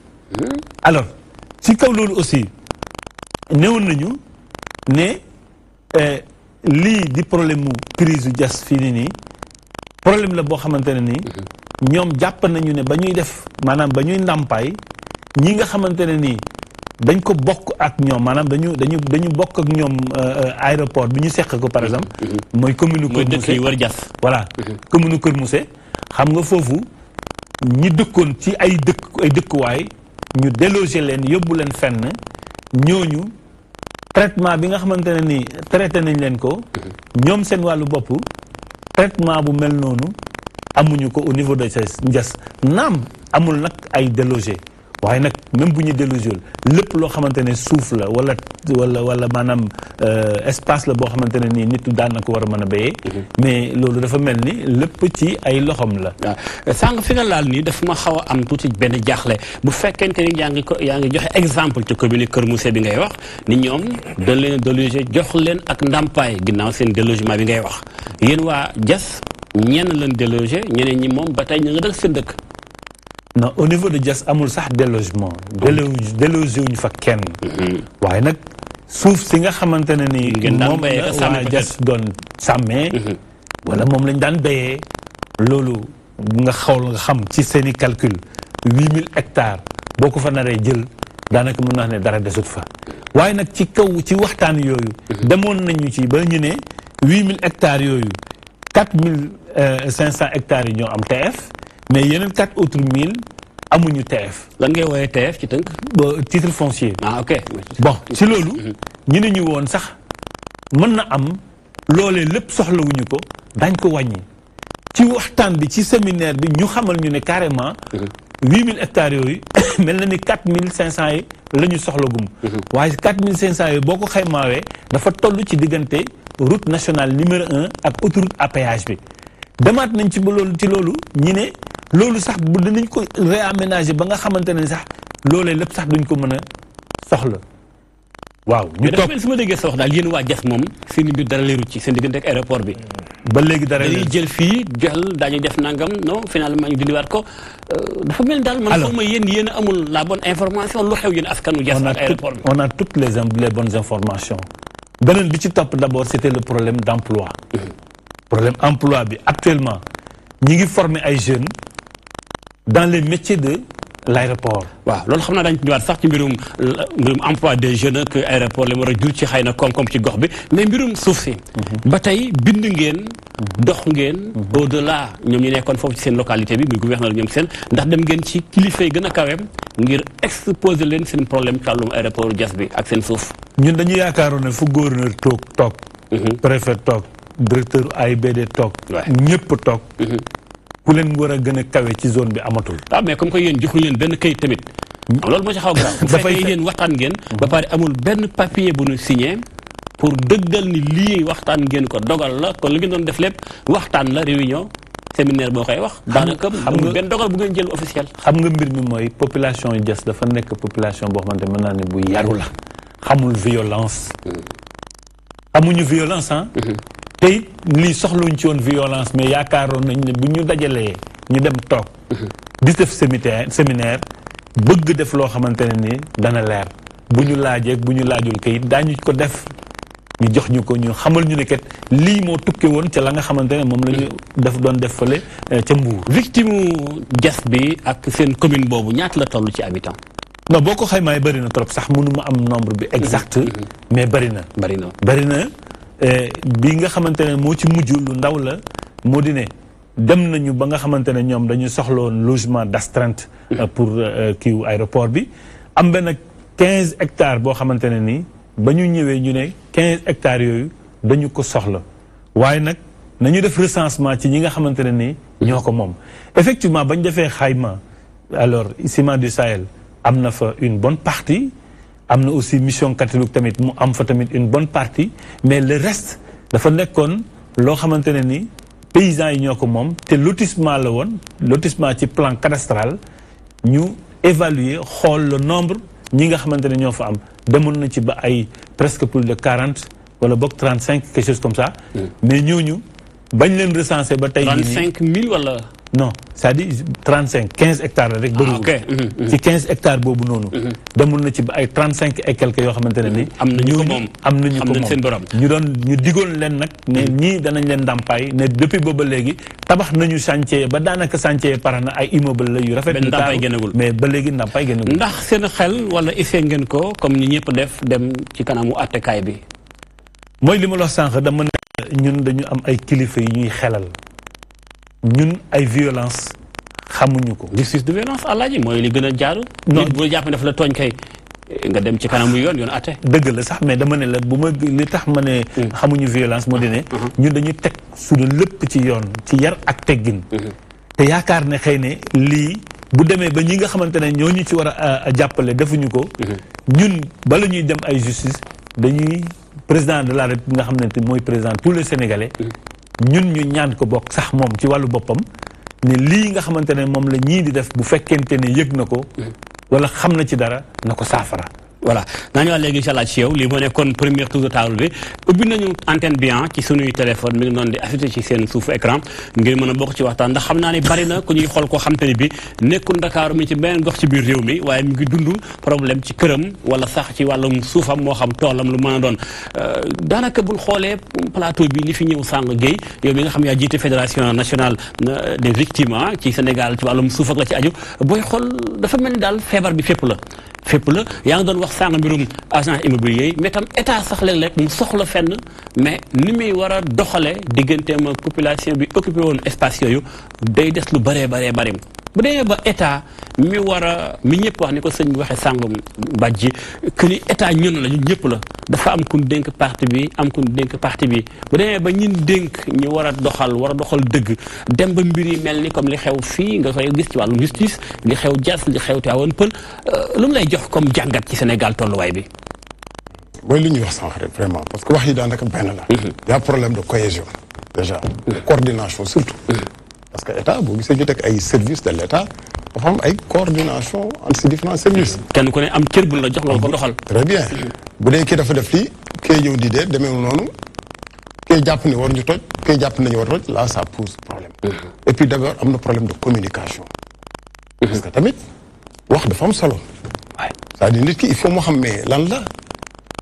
alors ci kaw loolu aussi néewoon nañu ne euh, lii di problème mu crise yu jas fii ni nii problème la boo xamante ne nii ñoom jàpp nañu ne ba ñuy def maanaam ba ñuy ndàmpaay ñi nga xamante ne nii dañ ko bokk ak ñoom maanaam dañu dañu dañu bokk ak ñoom euh, aéroport bi ñu seq ko par exemple mooy commune Kër Mousse war jas voilà commune Kër Mousse xam nga foofu ñi dëkkoon ci ay dëkk ay dëkkuwaay ñu déloger leen yóbbu leen fenn ñooñu traitement bi nga xamante ne ni traité nañ leen ko mhm. ñoom seen wàllu bopp traitement bu mel noonu amuñu ko au niveau de ces Diass naam amul nag ay délogé waaye nag même bu ñu délusiol lépp loo xamante ne suuf la wala wala wala maanaam euh, espace la boo xamante ne nii nit daan na ko war a mën a béyee mhm. mais loolu dafa mel ni lépp ci ay loxom la waaw ah, sànq fi nga laal nii dafa ma xaw a am tuuti benn jaaxle bu fekkente ni yaa ngi ko yaa ngi joxe exemple ci commune Kër Mousse bi ngay wax ni ñoom dañ leen délogé jox leen ak ndàmpaay ginnaaw seen délogement bi ngay wax yéen waa jas ñenn leen délogé ñeneen ñi moom ba tey ñu nga dëkk seen dëkk non au niveau de Diass amul sax délogement délogé ñu fa kenn mm-hmm. waaye nag suuf si nga xamante ne ni moom la waa Diass doon sàmmee mm-hmm. wala moom lañ daan béyee loolu nga xawal nga xam ci seen i calcul huit mille hectares boo ko fa naree jël daanaka mën naa ne dara desut fa waaye nag ci kaw ci waxtaan yooyu mm-hmm. demoon ñu ci ba ñu ne huit mille hectares yooyu quatre mille euh, cinq cent hectares yi ñoo am TF mais yeneen quatre autres mille amuñu TF. lan ngay woowee TF ci tënk. titre foncier. ah ok bon ci loolu. Mhm. ñu ne ñu woon sax mën na am loolee lépp soxlawuñu ko dañ ko wàññi ci waxtaan bi ci séminaire bi ñu xamal ñu ne carrément. 8000 mhm. hectares yooyu [COUGHS] mel na ni cinq cent yi la ñu soxla gum. Mhm. waaye cinq cent yi boo ko xaymaawee dafa toll ci diggante route nationale numéro 1 ak autoroute à péage bi demaat nañ ci loolu ci ne. loolu sax bu dinañ ko réaménager ba nga xamante sax lolé lepp sax duñ ko mëna soxla. waaw ñu toog mais sama ma sax sa wax daal yéen waa Diass moom seen bi dara leerul ci seen diggante ak aéroport bi. ba légui dara dañuy jël fi jël daañu def nangam non finalement ñu dindi wat ko euh, dafa mel dal man xaw ma yeen yéen amul la bonne information lu xew yeen askanu Diass ak aéroport bi. on a toutes les les bonnes informations. benen bi ci top d'abord c'était le problème d'emploi hum. problème emploi bi actuellement ñi ngi former ay jeunes. dans les métiers de l'aéroport waaw loolu xam naa dañ ci ñëwaat sax ci mbirum mbirum emploi des jeunes ak aéroport li mu war a jur ci xay na koom-koom ci gox bi mais mbirum suuf si mhm. ba tey bind ngeen mhm. dox ngeen mhm. au delà ñoom ñu nekkoon foofu ci seen localité bi muy gouverneur ñoom seen ndax dem ngeen ci kilifa yi gën a kaweem ngir exposer leen seen problème tàllum aéroport Diass bi ak seen suuf ñun dañu yaakaaroon ne fu gouverneur toog toog préfet toog directeur AIBD toog ñëpp toog ku leen war a gën a kawe ci zone bi amatul. waaw comme que yéen joxuñu leen benn kayit tamit. Hmm. loolu moo ci xaw a garaaw. [LAUGHS] dafay fekkee waxtaan ngeen. Hmm. ba pare amul benn papier bu ñu signé. pour dëggal ni lii waxtaan ngeen ko dogal la kon li ngeen doon def lépp waxtaan la réunion séminaire boo koy wax. daanaka amul benn dogal bu ngeen jël officiel. xam nga mbir mi mooy population yi Diass dafa nekk population boo xamante mën naa ne bu yaru la. xamul violence. Hmm. amuñu violence tey it lii soxluñ ci woon violence mais yaakaaroon nañ ne bu ñu dajalee ñu dem toog mhm. di def séminaire séminaire bëgg def loo xamante ne ni dana leer bu ñu laajeeg bu ñu laajul kayit daañu ko def ñu jox ñu ko ñu xamal ñu ne lii moo tukkee woon ca la nga xamante ne moom lañu ñu mhm. def doon def fale eh, ca Mbour. victime jas bi ak seen commune boobu ñaata la toll ci habitant. no boo ko xaymaay bëri na trop sax mënu ma am nombre bi exact mhm. mais bëri na. na bëri na. Eh, bi nga xamantene moo ci mujj lu ndaw la moo di dem nañu ba nga logement d'astreinte euh, pour l'aéroport euh, aéroport bi am benn 15 hectares boo xamantene ni ba ñu ñëwee ñu ne hectares dañu ko soxla recensement ci effectivement alors ciment du Sahel am une bonne partie am na aussi mission catholique tamit mu am fa tamit une bonne partie mais le reste dafa nekkoon loo xamante ne ni paysans yi ñoo ko moom te lotissement la woon lotissement ci plan cadastral ñu évaluer xool le nombre ñi nga xamante ne ñoo fa am demoon na ci ba ay presque pour de quarante wala boog trente cinq quelque chose comme ça hmm. mais ñooñu bañ leen recenser ba tey jii nii trente mille wala non cest di dire cinq quinze hectares la rek ah, bëriwul mhm, mhm. ci quinze hectares boobu noonu mhm. demul na ci ay trente cinq et quelques yoo xamante ne ni am nañu ko moom am nañu ko moom ñu doon ñu digoon leen nag ne ñii danañ leen ndàmpaay ne depuis booba léegi tabax nañu chantier ba daanaka chantier pare na ay immeuble la yu rafet benn ndàmpaay génnagul mais ba léegi ndàmpaay génnagul ndax seen xel wala essayé ngeen ko comme ni ñëpp def dem ci kanamu attekaay bi mooy li ma la wax sànq dama ne ñun dañu am ay kilifa yi ñuy xelal ñun ay violence xamuñu ko. justice de violence alaaji mooy li gën a jaaru. non bu jàpp ne daf la tooñ kay. nga dem ci kanamu yoon yoon atte. dëgg la sax mais dama ne la bu ma li tax ma ne. Hmm. xamuñu violence moo di ne. Hmm. Hmm. ñun dañuy teg suñu lépp ci yoon ci yar ak teggin. te yaakaar ne xëy ne lii bu demee ba ñi nga xamante ne ñoo ñu ci war a jàppale defuñu ko. ñun bala ñuy dem ay justice dañuy président de la république nga xam ne mooy président tous les sénégalais. ñun ñu ñaan ko bokk sax moom ci wàllu boppam ne lii nga xamante ne moom la ñii di def bu fekkente ne yëg na ko mm. wala xam na ci dara na ko saafara voilà naa ñëwaat léegi incha allah ci yow lii moo nekkoon première tour de table bi ubbi nañu antenne bi ah ci sunuy téléphone mi ngi noonu di affiché ci seen suufu écran ngir mën a bokk ci waxtaan ndax xam naa ne bari na ku ñuy xool koo xam te ne bi nekkul Ndakaaru mi ci beneen gox ci biir réew mi waaye mi ngi dund problème ci këram wala sax ci wàllum suufam moo xam toolam lu mën a doon euh, daanaka bul xoolee plateau bi li fi ñëw sàng Guèye yow mi nga xam yaa jiite fédération nationale euh, des victimes ah ci Sénégal ci wàllum suuf ak la ci aju booy xool dafa mel ni daal feebar bi fépp la fépp la yaa ngi doon wax sànq mbirum agent immobilier yi mais tam état sax léeg-léeg mu soxla fenn mais ni muy war a doxalee digganteem ak population bi occupé woon espace yooyu day des lu bëree bëree bëri bu ba état mi wara mi ñepp wax ni ko sëñ waxe sangum sàngo que ni état ñun la ñun ñëpp la dafa am kun dénk parti bi am kun dénk parti bi bu demee ba ñin denk ñu war a doxal war a doxal dëgg dem ba mbir yi mel ni comme li xew fii nga koy gis ci wàllum justice li xew jas li xew Tivaouane Peulh euh, lu mu lay jox comme jàngat ci Sénégal tolluwaay bi mooy li ñuy wax sànq rek vraiment parce que wax yi daanaka benn la mm-hmm. y a problème de cohésion déjà coordination surtout mm-hmm parce que l'État, vous savez services de l'État, il y a coordination entre ces différents services. très bien bu de dafa def qui ont di ne war ñu là ça pose problème. Mm-hmm. et puis il y a un problème de communication. Mm-hmm. parce que tamit wax dafa am Ça veut dire qu'il faut que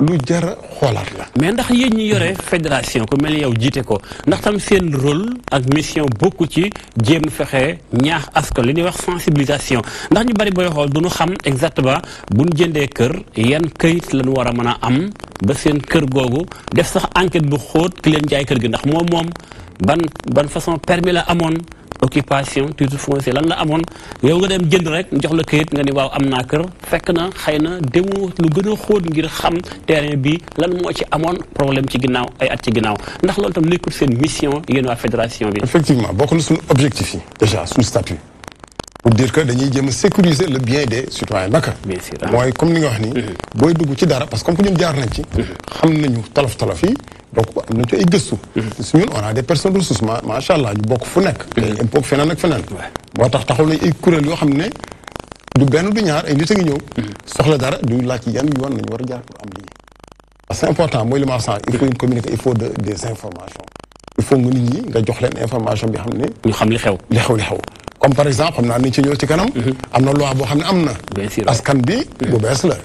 lu jara xoolaat la. mais ndax yéen ñi yore fédération ku mel ni jiite ko ndax tam seen rôle ak mission bokku ci jéem fexe ñaax askan li ñuy wax sensibilisation ndax ñu bari booy xool du ñu xam exactement bu ñu jëndee kër yan këyit la ñu war a mën a am. ba seen kër googu def sax enquête bu xóot ki leen jaay kër gi ndax moom moom ban ban façon permis la amoon occupation titre foncier lan la amoon yow nga dem jënd rek jox la këyit nga ni waaw am naa kër fekk na xëy na demoo lu gën a xóot ngir xam terrain bi lan moo ci amoon problème ci ginnaaw ay at ci ginnaaw ndax loolu tam nekkul seen mission yéen waa fédération bi. effectivement bokk na suñu objectif yi déjà suñu statut pour dire que dañuy jëm sécuriser le bien des citoyens naka Moi, comme li nga wax boy mm-hmm. booy dugg ci dara parce que comme que ñun jaar nañ ci mm-hmm. xam nañu talof-talof donc am nañ ci ay mm-hmm. on a des personnes ressources machallah, allah ñu bokk fu nekk day impôt feneen ak feneen moo tax taxaw nañ ay kuréel yoo xam ne du benn du ñaar ay nit a ngi soxla dara du laaj yan yoon nañu war a jaar pour am lii parce important mooy li marsan, sànq il faut une communiquer il faut des informations il faut nga nit ñi nga jox leen information bi xam ne ñu xam li xew li xew li xew comme par exemple amna ni ci ñëw ci kanam. Mhm. amna loi bo xam ne am na. askan bi mhm. bu bess la.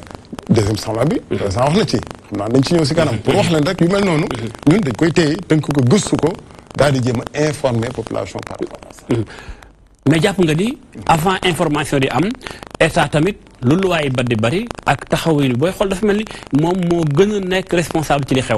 deuxième semblant bi. Mhm. président wax na ci xam naa dañ ci ñëw ci kanam. pour wax leen rek yu mel nonu ñun dañ koy téy tënk ko gustu ko daal di jëm informer population par rapport à ça. mais japp nga ni avant information di am état tamit lu luwaay ba di bari ak taxawu yi xol xool dafa mel ni moom moo gën a nekk responsable ci li xew.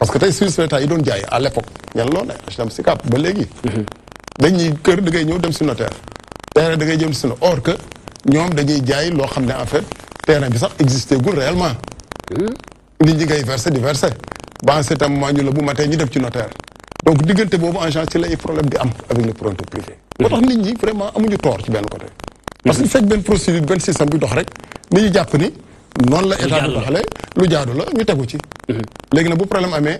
parce que tey service d'État yi doon jaay à l'époque ñan loo ne HLM Sicap ba léegi. dañuy kër da ñëw dem si notaire. terrain da ngay jëm si notaire or que ñoom dañuy jaay loo xam ne en fait terrain bi sax existé gul réellement. nit ñi ngay versé di versé ba en certain moment ñu la bu matee ñu dem ci notaire. donc diggante boobu en général ci lay problème di am avec le promoteur privé. moo tax nit ñi vraiment amuñu tort ci benn côté. parce que mhm. fekk bi dox rek jàpp ni. noonu la état bi doxalee lu jaadu la ñu tegu ci mm-hmm. léegi nag bu problème amee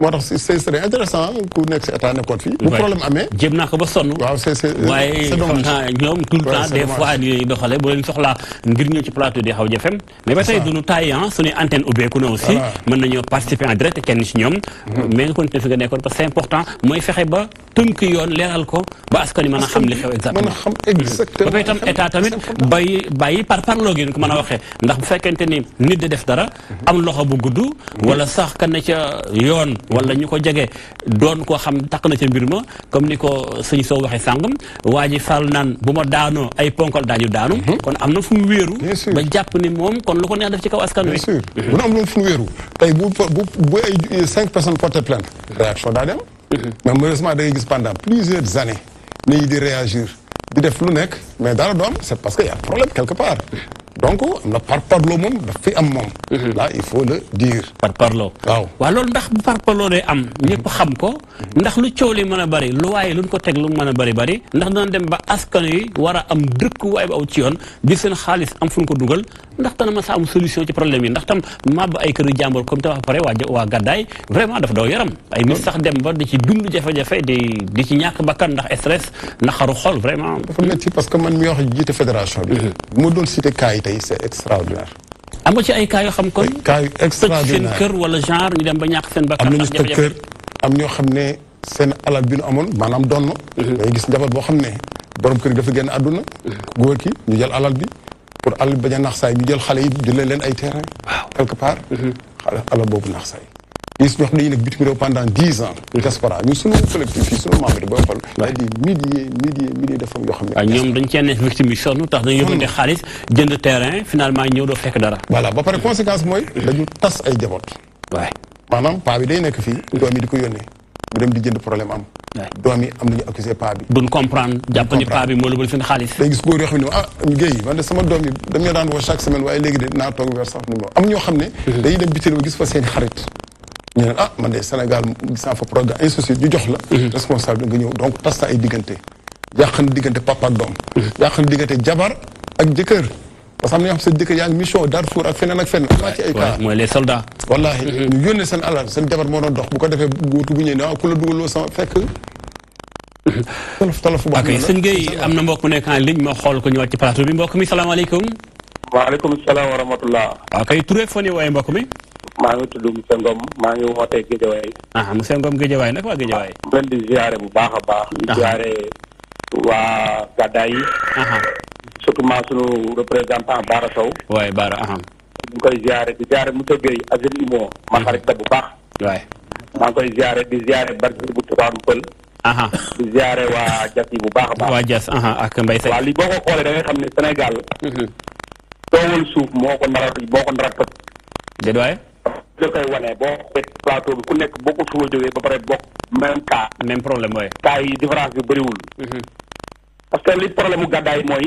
moo tax c'est c'est intéressant ku nekk si état naa ko ba sonn. waaw c'est c'est waaye xam naa ñoom tout le temps des fois ni doxale bu leen soxlaa ngir ñëw ci xaw jafem mais ba tey duñu taay ah suñuy antenne ubbeeku na aussi. mën nañoo participer en direct kenn si ñoom. Mm-hmm. mais nga continuer fi nga nekkoon parce que c'est important mooy fexe ba tënk yoon leeral ko ba askan wi mën a xam li xew exactement. mën xam exactement ba itam état tamit bay bàyyi par parloo gi ko mën a waxee ndax bu fekkente ni nit di def dara mm-hmm. am loxo bu guddu mm-hmm. wala sax kan na ca yoon wala ñu ko jege doon koo xam takk na ca mbir ma comme ni ko sëñ soo waxee sàngam waa ji fal naan bu ma daanoo ay ponkal daañu daanu mhm. kon am na fu mu wéeru ba jàpp ni moom kon lu ko neex def ci kaw askan wi bu na am loolu fu mu wéeru tey bu bu ay cinq personnes porté plainte réaction daa dem mhm. mais malheureusement da ngay gis pendant plusieurs années nit ñi di réagir di def lu nekk mais dara du am c'est parce que y a problème quelque part mhm. donc am na par parloo moom daf fi am moom. Mhm. là il faut le dire. par parloo waaw. waaw loolu ndax bu par loo day am. ñëpp xam ko. ndax lu coow li mën a bari lu waaye luñ ko teg lu mën a bari bari ndax dana dem ba askan yi war a am dëkk waaye ba aw ci yoon bi seen xaalis am fu ñu ko dugal ndax dana ma sa am solution ci problème yi ndax tam màbb ay këru jàmbur comme te wax pare waa waa gàddaay vraiment dafa daw yaram. ay nit sax dem ba di ci dund jafe-jafe di di ci ñàkk bakkan ndax stress naqaru xol vraiment. dafa métti que man mi wax jiite fédération bi. Mhm. mu doon cité cas tey c' est extraordinaire. am nga ci ay cas xam kon. cas yu extraordinaire seen wala genre ñu dem ba ñàkk seen bakkan. am nañu seen kër am ñoo xam ne seen alal bi nu amoon maanaam doon mhm. na. gis njaboot boo xam ne borom kër gi dafa genn àdduna. Mhm. góor ki ñu jël alal bi pour alal bi bañ a naax saay ñu jël xale yi di leen leen ay terrain. quelque part. Mhm. alal boobu naax saay. ils ñoo xam dañuy nekk bitim réew pendant dix ans diaspora ñun sunu collectif fii sunu membre yi booy xool ay di milliers milliers milliers de femmes yoo xam ne waaw ñoom dañ cee nekk victime yi sonn tax dañu yóbbante xaalis jënd terrain finalement ñëw doo fekk dara voilà ba pare conséquence mooy dañu tas ay jaboot waay maanaam paa bi day nekk fii doom yi di ko yónnee mu dem di jënd problème am doom yi am nañu accusé paa bi duñ comprendre jàpp ni paa bi moo la bëgg seen xaalis day gis góor yoo xam ne ah géey man de sama doom yi dañoo daan woo chaque semaine waaye léegi de naa toog weer sax nu am ñoo xam ne dañuy dem bitim réew gis fa seen xarit ñu ne ah man de Sénégal gis ñu jox la. Mhm. responsable nga ñëw donc tas na ay diggante. yàq na diggante papa ak doom. Mhm. yàq ak jëkkër. parce que am na yoo xam seen yaa ngi mission Darfour ak feneen ak mooy les soldats. wallaahi mhm. seen alal seen jabar moo doon dox bu ko defee wuutu bu ñëwee ne waaw ah, ku la dugaloo sama fekk. tolof tolof sëñ am na mbokk mu nekk en ligne ma xool ko ñëwaat ci plateau bi mbokk mi salaamaaleykum. waaleykum salaam wa rahmatulah. waaw kay turee foo ne waaye mbokk mi. maa ngi tudd monsieur Ngom maa ngi wootee Guédiawaye. ah monsieur Ngom Guédiawaye nag waa Guédiawaye. ren ah, di ziare bu baax a baax. di ah. ziare waa gàddaay yi. surtout maa sunu représentant Baara Sow. waay Baara aham. ñu koy ziare di ziare monsieur Guèye Azil Imo. ma xarit la bu baax. waay maa ngi koy ziare di ziare Barke bu Tivaouane Pël. aha di ziare waa Diass yi bu baax a baax. waa Diass aha ak Mbaye Seck. waa li boo ko xoolee da ngay xam ne Sénégal. Mhm. toowul suuf moo ko nar a boo ko nar a toj. déedwaay. koy wane boo xoolee plateau bi ku nekk bokkul fu ma jógee ba pare bokk même cas. même problème waaye. cas yi différence bi bëriwul. Mm-hmm. parce que li problème mu gàddaay mooy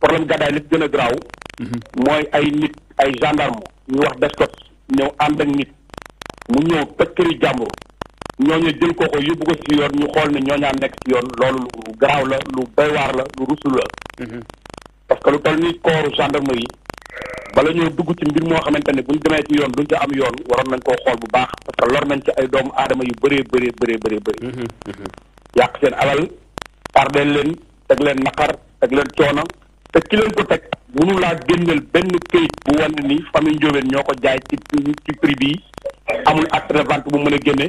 problème gàddaay li gën a garaaw. Mm-hmm. mooy ay nit ay gendarme ñu wax descos ñëw ànd ak nit mu ñëw toj këri jàmbur ñooñu jël ko yóbbu ko ci yoon ñu xool ni ñoo ñooñaa nekk ci yoon loolu lu garaaw la lu doy waar la lu rusul la. Mm-hmm. parce que lu toll ni kooru gendarme yi. bala ñoo dugg ci mbir moo xamante ne buñ demee ci yoon duñ ca am yoon waroon nañ koo xool bu baax parce que lor nañ ci ay doomu aadama yu bëree bëree bëree bëree bëri mhm, mhm. yàq seen alal tardeel leen teg leen naqar teg leen coono te ki leen ko teg mënu laa génneel benn këyit bu wane ni famille Ndiobène ñoo ko jaay ci ci prix bii amul at de vente bu mën a génne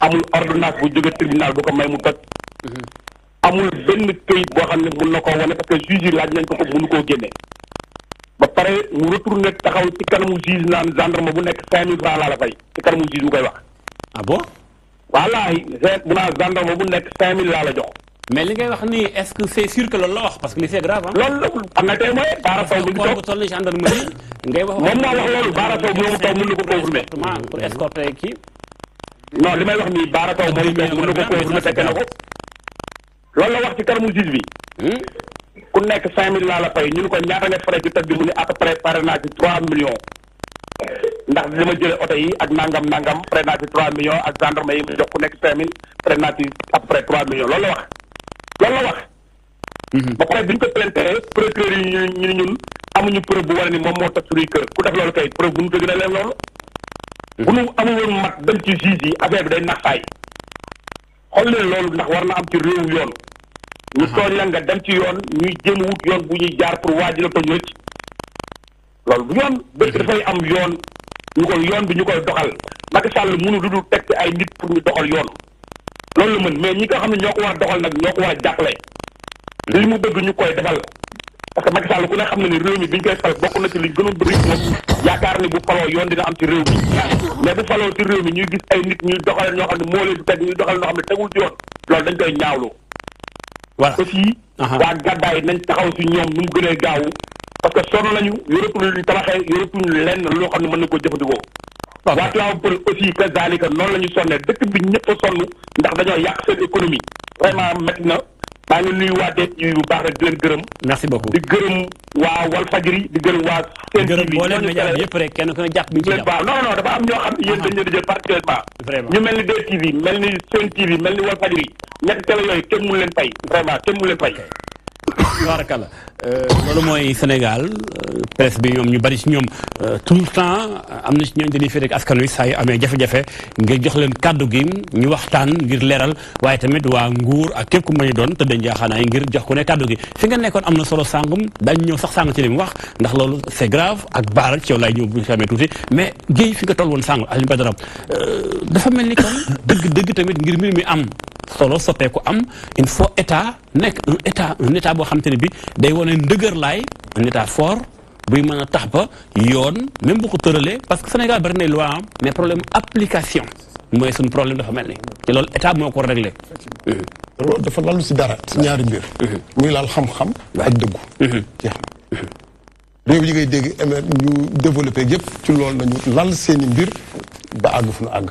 amul ordonnance bu jóge tribunal bu ko may mu toj mhm. amul benn këyit boo xam ne mun na koo wane parce laaj nañ ko ko mënu koo génne ba pare mu retourner taxaw ci kanamu juge naan gendarme bu nekk cinq mille francs la la fay ci kanamu juge bu koy wax. ah bon. c'est bu naa gendarme bu nekk cinq mille laa la jox. mais li ngay wax ni est-ce que c'est sûr que loolu la wax parce que li c'est grave ah. loolu am na tey mooy. Baara Sow mi ngi toog gendarme gendarmerie. ngay wax moom moo wax loolu Baara Sow ngi toog mu na ko confirmer. pour escorter ki non limay may wax nii Baara Sow moom toog mën na ko confirmer fekke na ko. loolu la wax ci kanamu juge bi. ku nekk 5000 laa la fay ñu ko ñaata nga frais ci tëj bi mu ne à peu près pare naa ci 3 millions ndax dama jëlee oto yi ak nangam nangam pare naa ci 3 millions ak gendarme yi mu jox ku nekk 5000 pare naa ci à peu près 3 millions loolu la wax loolu la wax. Mhm. ba pare biñ ko plaintere procureur yi ñu ñu ñun amuñu preuve bu wane ni moom moo toj suñuy kër ku def loolu kay preuve bu ñu dëgg na leen loolu. bu mhm. nu amul mat dem ci juge yi affaire bi day nax saay xool leen loolu ndax war na am ci réew yoon. ñu tooñ la nga dem ci yoon ñuy jël wut yoon bu ñuy jaar pour ji la toj rëcc loolu bu yoon dëkk mhm. dafay am yoon ñu koy yoon bi ñu koy doxal Macky Sall mënu lu dul teg ay nit pour ñu doxal yoon loolu la mën mais ñi xam ne ñoo ko war doxal nag ñoo ko war a li mu bëgg ñu koy defal parce que Macky Sall ku ne xam ne ni réew mi bi koy fal bokk na yaakaar ni bu faloo yoon dina am ci réew mi mais bu faloo ci réew mi ñuy gis ay nit ñuy doxal ñoo xam ne moo leen teg ñuy doxal ñoo xam ne tegul ci yoon loolu dañ koy ñaawlu voilà aussi. waa gàddaay nañ taxaw si ñoom nu mu gënee gaaw parce que sonn nañu yoratuñu lu tabaxee yoratuñu lenn loo xam ne mën na koo jëfandikoo. waaw waa Tivaouane Peulh aussi kazaalika noonu la ñu sonnee dëkk bi ñëpp a sonn ndax dañoo yàq seen économie vraiment métti na. maa ngi nuyu waa DTV yu baax rek di leen gërëm. merci beaucoup di gërëm waa Walfadjri di gërëm waa. seen TV gërëm am ne jàpp bi dafa am ñoo xam ne yéen dañu leen di jël particulièrement. vraiment ñu mel ni DTV mel ni seen TV mel ni Walfadjri ñetti télé yooyu kenn mënu leen fay. vraiment kenn mënu leen fay. waarakala euh, loolu mooy Sénégal euh, presse bi ñoom ñu bari si ñoom euh, tout le temps am na si ñooñ dañuy féete ak askan wi saa yu amee jafe-jafe ngir jox leen kaddu gi ñu waxtaan ngir leeral waaye tamit waa nguur ak képp ku mën doon te dañ jaaxaanaay ngir jox ku ne kàddu fi nga nekkoon am na solo sàngum dañ ñëw sax sàng ci li mu wax ndax loolu c'est grave ak baara ci yow laay ñëw bu ñu xamee tuuti mais géej fi nga toll woon sàng Alioune Badara dafa mel ni kon [COUGHS] dëgg dëgg tamit ngir mbir mi am solo ko am il faut état nek un état un état bo xam te bi day woné ndëgër lay un état fort buy mën tax ba yoon même bu ko teurelé parce que Sénégal barné loi mais problème application moy sun problème dafa mel ni te loolu état moko régler réglé. Mmh. loolu dafa lalu ci dara ci ñaari mbir. Mmh. muy laal xam-xam ak dëggu. Mmh. jeex na réew yi ngay dégg ñu développé yëpp ci lool nañu lal seen mbir ba àgg fu nu àgg.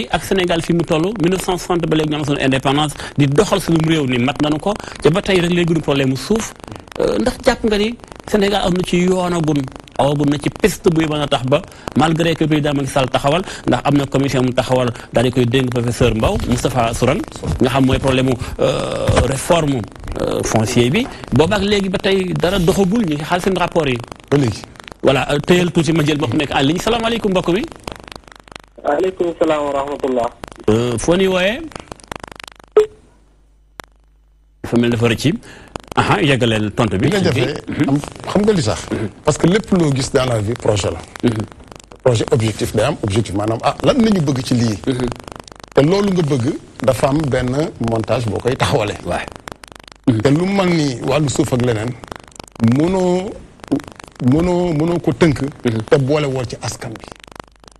ni ak Sénégal fi mu toll 1960 ba léegi ñu am suñu indépendance di doxal suñu réew ni mat nañu ko te ba tey rek léegi ñu problème mu suuf euh, ndax jàpp nga ni Sénégal am na ci yoonagun awagun na ci piste buy mën a tax ba malgré que président Macky Sall taxawal ndax am na commission mu taxawal daal di koy dénk professeur Mbaw Moustapha Sourang nga xam mooy problème mu euh, réforme euh, foncier bi boobaak léegi ba tey dara doxagul ñu ngi xaal seen rapport yi. ba léegi voilà téyal tuuti ma jël mbokk nekk en ligne salaamaaleykum mbokk mi. عليكم السلام ورحمة الله. أه، فوني وين؟ فمن الفرقي؟ أها يا جلال تنتبه. لا جفاء. خم قال لي صح. بس كل بلو جس دانا في بروجا لا. بروجا أوبجكتيف دام أوبجكتيف ما نام. لا نيجي بقى تلي. لو لونج بقى دفعم بين مونتاج بوكاي تحوله. واه. لو ماني والوسو فغلنن منو منو منو كتنك تبوله وجه أسكامي.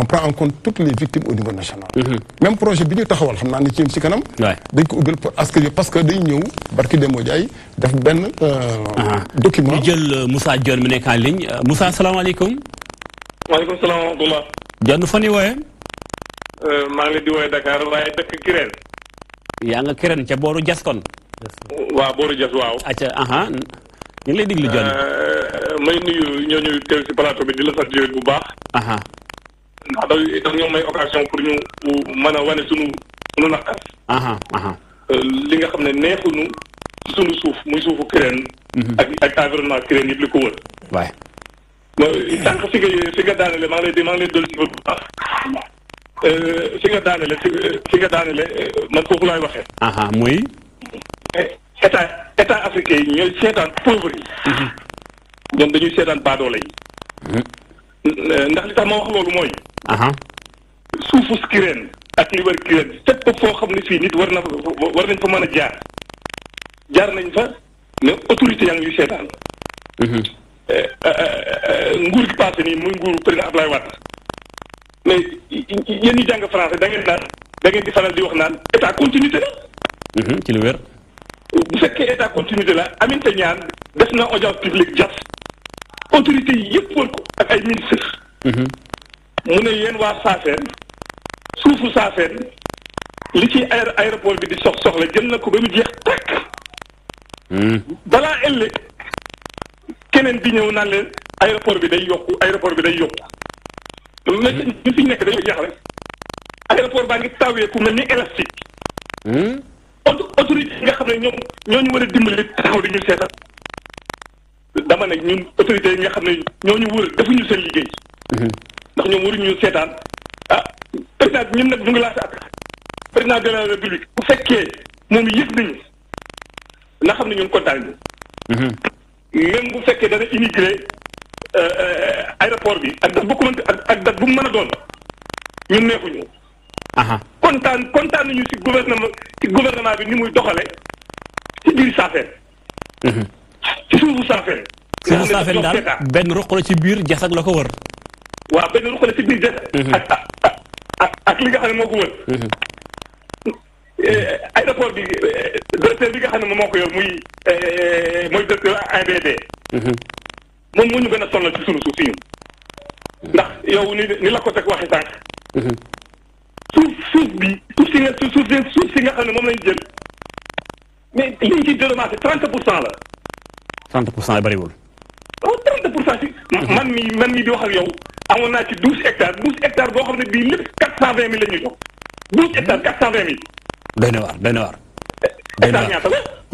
on prend en compte toutes les victimes au niveau national. Mhm. même projet bi ñu taxawal xamna ni ne ci kanam. dañ ko ubbil askan wi parce que day ñew barki demo jay def ben euh, document ñu jël euh, Moussa Dior mi nekk en ligne euh, Moussa salaamaaleykum. maaleykum salaam wa rahmatulah. Dione fan yi wooyee. maa ngi di wooyee Dakar waye dekk Kirène. Ya nga Kirène ci boru Diass kon. waaw booru Diass waaw. Ah, aha ñu lay diglu Euh may nuyu ñooñu teew ci plateau bi di la jëw bu baax. ndax da ñoo may occasion pour ñu mën a wane sunu sunu euh, li nga xam ne neexuñu suuf muy suufu Kirène mhm. ak ak environnement Kirène yëpp li ko wër waay tànk fi nga fi nga daanele di maa ngi lay dolli bu baax euh, nga daanele fi nga daanele euh, man foofu laay waxee muy état état africain yi ñooy seetaan pauvre yi mhm. ñoom dañuy seetaan baadoole yi mhm. ndax li tax ma wax loolu mooy suufu Kirène ak li wër Kirène fépp foo xam ne fii nit war na war nañ fa mën a jaar jaar nañ fa mais autorité yaa ngi ñuy seetaan. Mhm. Eh, eh, eh, nguur gi passé nii muy nguuru président Ablaye Wade mais yéen ñi jàng français da naan da di faral di wax naan état continuité la. Mhm, ci lu wér. bu fekkee état continuité la Aminata Niane def na audience publique jas autorité yëpp wër ko ak ay ministres. Mhm. mu ne yéen waa Saafeen suufu Saafeen li ci aéro aéroport bi di sox soxla jël na ko ba mu jeex takk hmm. balaa ëllëg keneen bi ñëw naan leen aéroport bi day yokku aéroport bi day yokku loolu nag ñu fi nekk dañoo jeex rek aéroport baa ngi tawee ku mel ni élastique hmm. auto autorité yi nga xam ne ñoom ñoo ñu war a dimbali taxaw di ñu seetal dama ne ñu autorité yi nga xam ne ñoo ñu wër defuñu seen liggéey hmm. ndax ñoom waruñu seetaan ah président bi ñun nag ñu ngi lancé appel président de la république bu fekkee moom yëg nañu na xam ne ñun kontaan nañu. Mhm. même bu fekkee dana immigré euh, aéroport bi ak date bu ko ak date bu mën a doon ñun neexuñu. kontaan kontaan nañu ci gouvernement ci gouvernement bi ni muy doxale ci biir saafara. Mhm. ci suufu saafara. suufu saafara daal benn roq ci biir jasak la ko wër. waa benn ruq la ci biir des. ak ak ak li nga xam ne moo ko wër. aéroport bi directeur bi nga xam ne moom moo ko yor muy mooy directeur AIBD. moom moo ñu gën a sonal ci sunu suuf si ñun. ndax yow ni ni la ko teg waxee sànq. suuf suuf bi suuf si nga suuf suuf si nga xam ne moom lañ jël mais li ñu ciy dédommagé trente pour cent la. trente pour cent la bëriwul. waaw trente pour cent ci. man mi man mi di wax ak yow. amoon naa ci 12 hectares 12 hectares boo xam ne bii lépp quatre cent la ñuy jox 12 hectares quatre cent vingt mille. doy waar waar.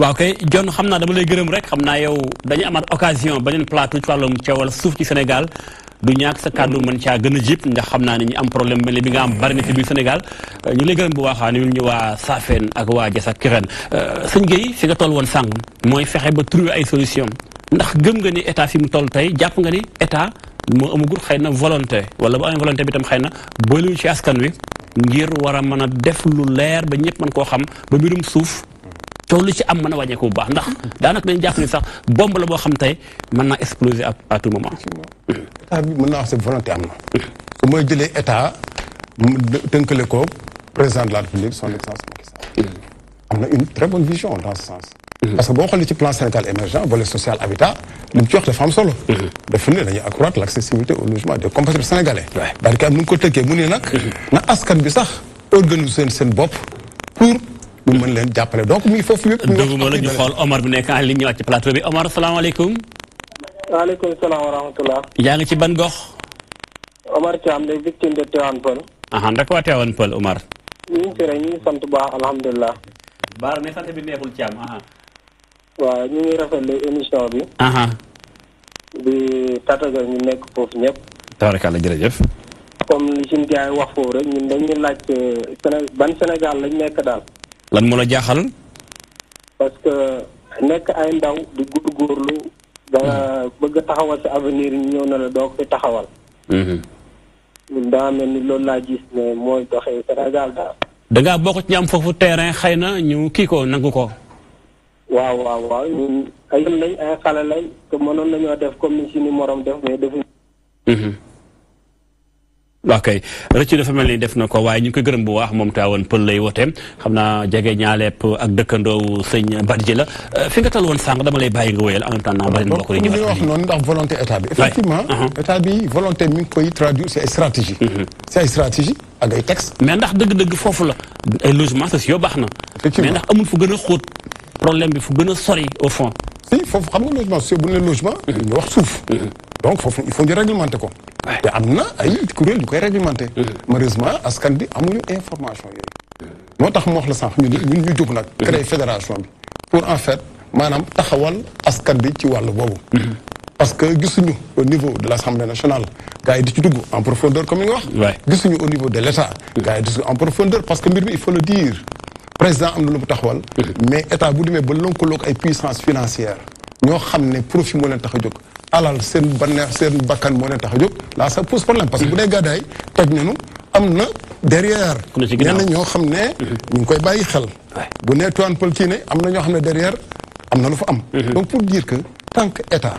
waaw kay John xam naa dama lay gërëm rek xam naa yow dañu amaat occasion beneen plateau ci wàllum ceewal suuf ci Sénégal du ñàkk sa kàddu mën caa gën a jib ndax xam naa ne ñu am problème mel ni bi nga am bari na ci biir Sénégal euh, ñu lay gërëm bu baax ni ñu waa Safen ak waa Jessa Kiren Kirène euh, sëñ Guèye fi nga toll woon sànq mooy fexe ba trouver ay solution ndax gëm nga ni état fi mu toll tey jàpp nga ni état moo amagul xëy na volonté wala bu amee volonté bi tam xay na booliwul ci askan wi ngir war a mën a def lu leer ba ñëpp mën koo xam ba mbirum suuf coow lu ci am man a wàññeeku bu baax ndax daanaka dañu jàpp ni sax bomb la boo xam tey mën naa exploser à tout moment. état bi mën naa wax volonté am na. su may jëlee état mu tënkale ko président de la république son excellence Macky mm. am na une très bonne vision dans ce sens. Mhm. parce que boo xoolee ci plan Sénégal émergent volet social habitat li mu ci wax dafa am solo. Mhm. dafa ne dañuy accroître l'accessibilité au logement des compatriotes sénégalais. waay barka mu ngi ko tëggee mu ne nag. Mhm. na askan bi sax organiser seen bopp pour. ñu mën leen jàppale donc muy foofu yëpp. dugg ma la ñu xool Omar bi nekk en ligne ñëwaat ci plateau bi Omar salaamaaleykum. waaleykum salam wa rahmatulah. yaa ngi ci ban gox. Omar Thiam day victime de Tivaouane Peulh. aha ndax waa Tivaouane Peulh Omar. ñu ngi ci rek ñu ngi sant bu baax alhamdulilah. Baara ne sant bi neexul Thiam aha. waaw ñu ngi rafetlu émission bi. di tatagal ñu nekk foofu ñëpp. tabarakàlla jërëjëf. comme li suñu gars wax foofu rek ñun dañuy laaj euh, ban Sénégal lañ nekk daal. lan moo la jaaxal. parce que nekk ay ndaw di góorgóorlu. da bëgg a taxawal si avenir ñu ñëw na la doo ko taxawal. Mhm. ñun daa mel ni loolu laa gis ne mooy doxee Sénégal am foofu terrain xëy na ñu kii ko nangu ko. waaw waaw waaw ñun ay yoon lañ ay xale lañ te mënoon nañoo def comme ni suñu morom def mhm. def na ko waaye ñu ngi koy gërëm bu baax moom taawoon pël lay wote xam naa jege ñaaleep ak dëkkandoowu sëñ Badji la euh, fi nga tal woon dama bàyyi nga wéyal en même temps bari na mbokk yi ñu wax noonu ndax volonté état bi uh-huh. mhm. ndax dëgg-dëgg foofu la ay logements sociaux baax na mais ndax amul fu gën a xoot problème bi fu gën a sori au fond. si foofu xam nga logement bu ne logement. Mm-hmm. ñu wax suuf. Mm-hmm. donc foofu il faut ñu réglementer ko. te am na ay kuréel yu koy réglementer. Mm-hmm. malheureusement askan bi amuñu information yooyu. moo tax mu wax la sànq ñu ne ñu jóg nag. créer fédération bi pour en fait maanaam taxawal askan bi ci wàll boobu. parce que gisuñu au niveau de l'Assemblée nationale gars yi di ci dugg en profondeur comme ni nga wax. gisuñu au niveau de l'État, état. gars yi di en profondeur parce que mbir bi il faut le dire. président am na lu mu taxawal. mais état bu demee ba lëkkaloog ay puissance financière ñoo xam ne profit moo leen tax a jóg. alal seen banneex seen bakkan moo leen tax a jóg là ça pose problème parce que bu dee gàddaay toj nañu am na derrière. ñenn ñoo xam ne. ñu ngi koy bàyyi xel. bu nee Tivaouane Peulh kii am na ñoo xam ne derrière am na lu fa am. Mm-hmm. donc pour dire que tant que état.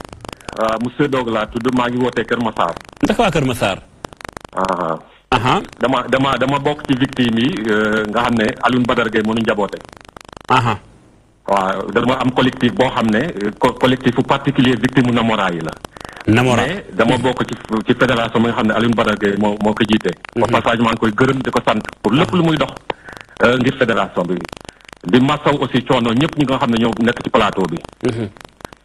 waaw euh, monsieur Dogue laa tudd maa ngi wootee Kër Massar. ndax waa Kër Massar. dama dama dama bokk ci victime yi euh, nga xam ne Alioune Badara Gueye mënu njaboote. waaw dama am collectif boo xam ne collectif fu particulier victime Namora yi la. Namora mais dama bokk ci ci fédération bi nga xam ne Alioune Badara Gueye moo moo ko jiite. ba mhm. passage maa koy gërëm di ko sant pour lépp lu muy dox euh, ngir fédération bi. di masaw aussi coono ñëpp ñi nga xam ne ñoo nekk ci plateau bi. Mhm.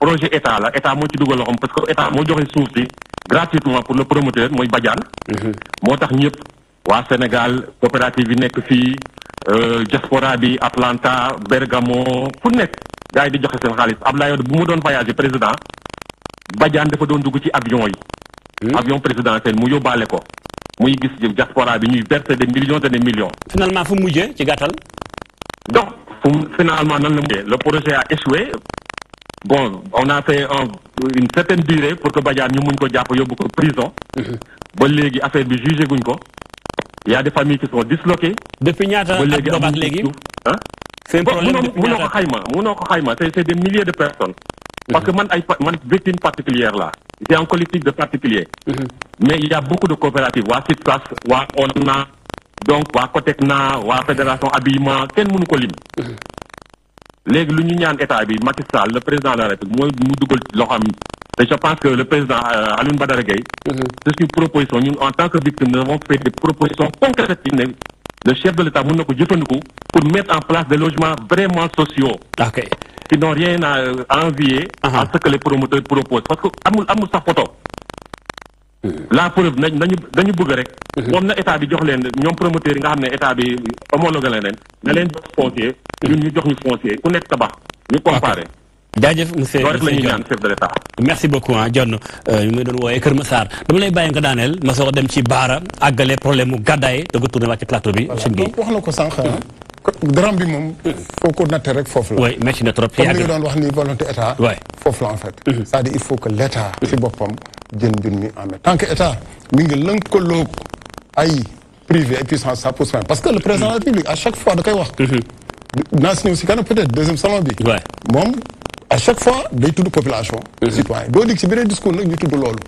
projet état la état mo ci dugal parce que état mo joxe ressources gratuitement pour le promoteur moy Badiane. montagne ou à Sénégal coopérative nek fi euh diaspora bi Atlanta Bergamo fu nek des di joxe seen xaliss Abdoulaye Wade bu mu doon voyager président Badiane dafa doon dugg ci avion yi. Mhm. avion présidentiel mu yóbbaale ko. muy gis diaspora bi ñuy verser des millions et des millions. finalement fu mujjé ci gatal donc finalement nan la le projet a échoué bon on a fait une certaine durée pour que les ñu muñ ko jàpp beaucoup prison. Mhm. bon les affaire bi juges. guñ y a des familles qui sont disloquées. depuis important. at booba ak hein? c'est des milliers de personnes. Mhm. parce que man ay victime particulière là, j'ai un collectif de particulier. Mhm. mais il y a beaucoup de coopératives waa SITRAS waa ONA donc waa COTECNA fédération habillement kenn mënu ko lim. L'Union lu ñu ñaan état bi Macky Sall le président de la République mooy mu dugal loxam je pense que le président euh, Alioune Badara Gueye. Mm-hmm. c'est une proposition nous en tant que victime nous avons fait des propositions concrètes le chef de l'État mën pour mettre en place des logements vraiment sociaux. ok qui n'ont rien à euh, envier. Uh-huh. à ce que les promoteurs proposent parce que amul amul sa photo. la preuve nañ nañu dañu bëgg rek. moom na état bi jox leen ñoom promoteur yi nga xam ne état bi homologué la leen. na leen jox foncier. Mhm. ñu jox ñu foncier ku nekk tabax. ñu comparé. jaajëf monsieur monsieur Dione la ñuy ñaan chef de l'état. merci beaucoup ah euh, Dione ñu may doon wooyee Kër Massar dama lay bàyyi nga daaneel ma soog a dem ci baara àggale problème mu gàddaay da nga tourné waat ci plateau bi. sëñ wax na ko sànq mhm. dram bi moom. foo ko nattee rek foofu la. oui na trop. comme li nga doon wax ni volonté état. waay foofu la en fait. Mhm. cest jël mbir mi en main tant que état mi ngi lënkaloog ay privé et puissance ça pose problème parce que le président de la république à chaque fois da kay wax mhm. naa si aussi si peut-être deuxième salon bi mom à chaque fois day tudd population mhm. citoyen do dik si beneen discours nak ñu tudd lolu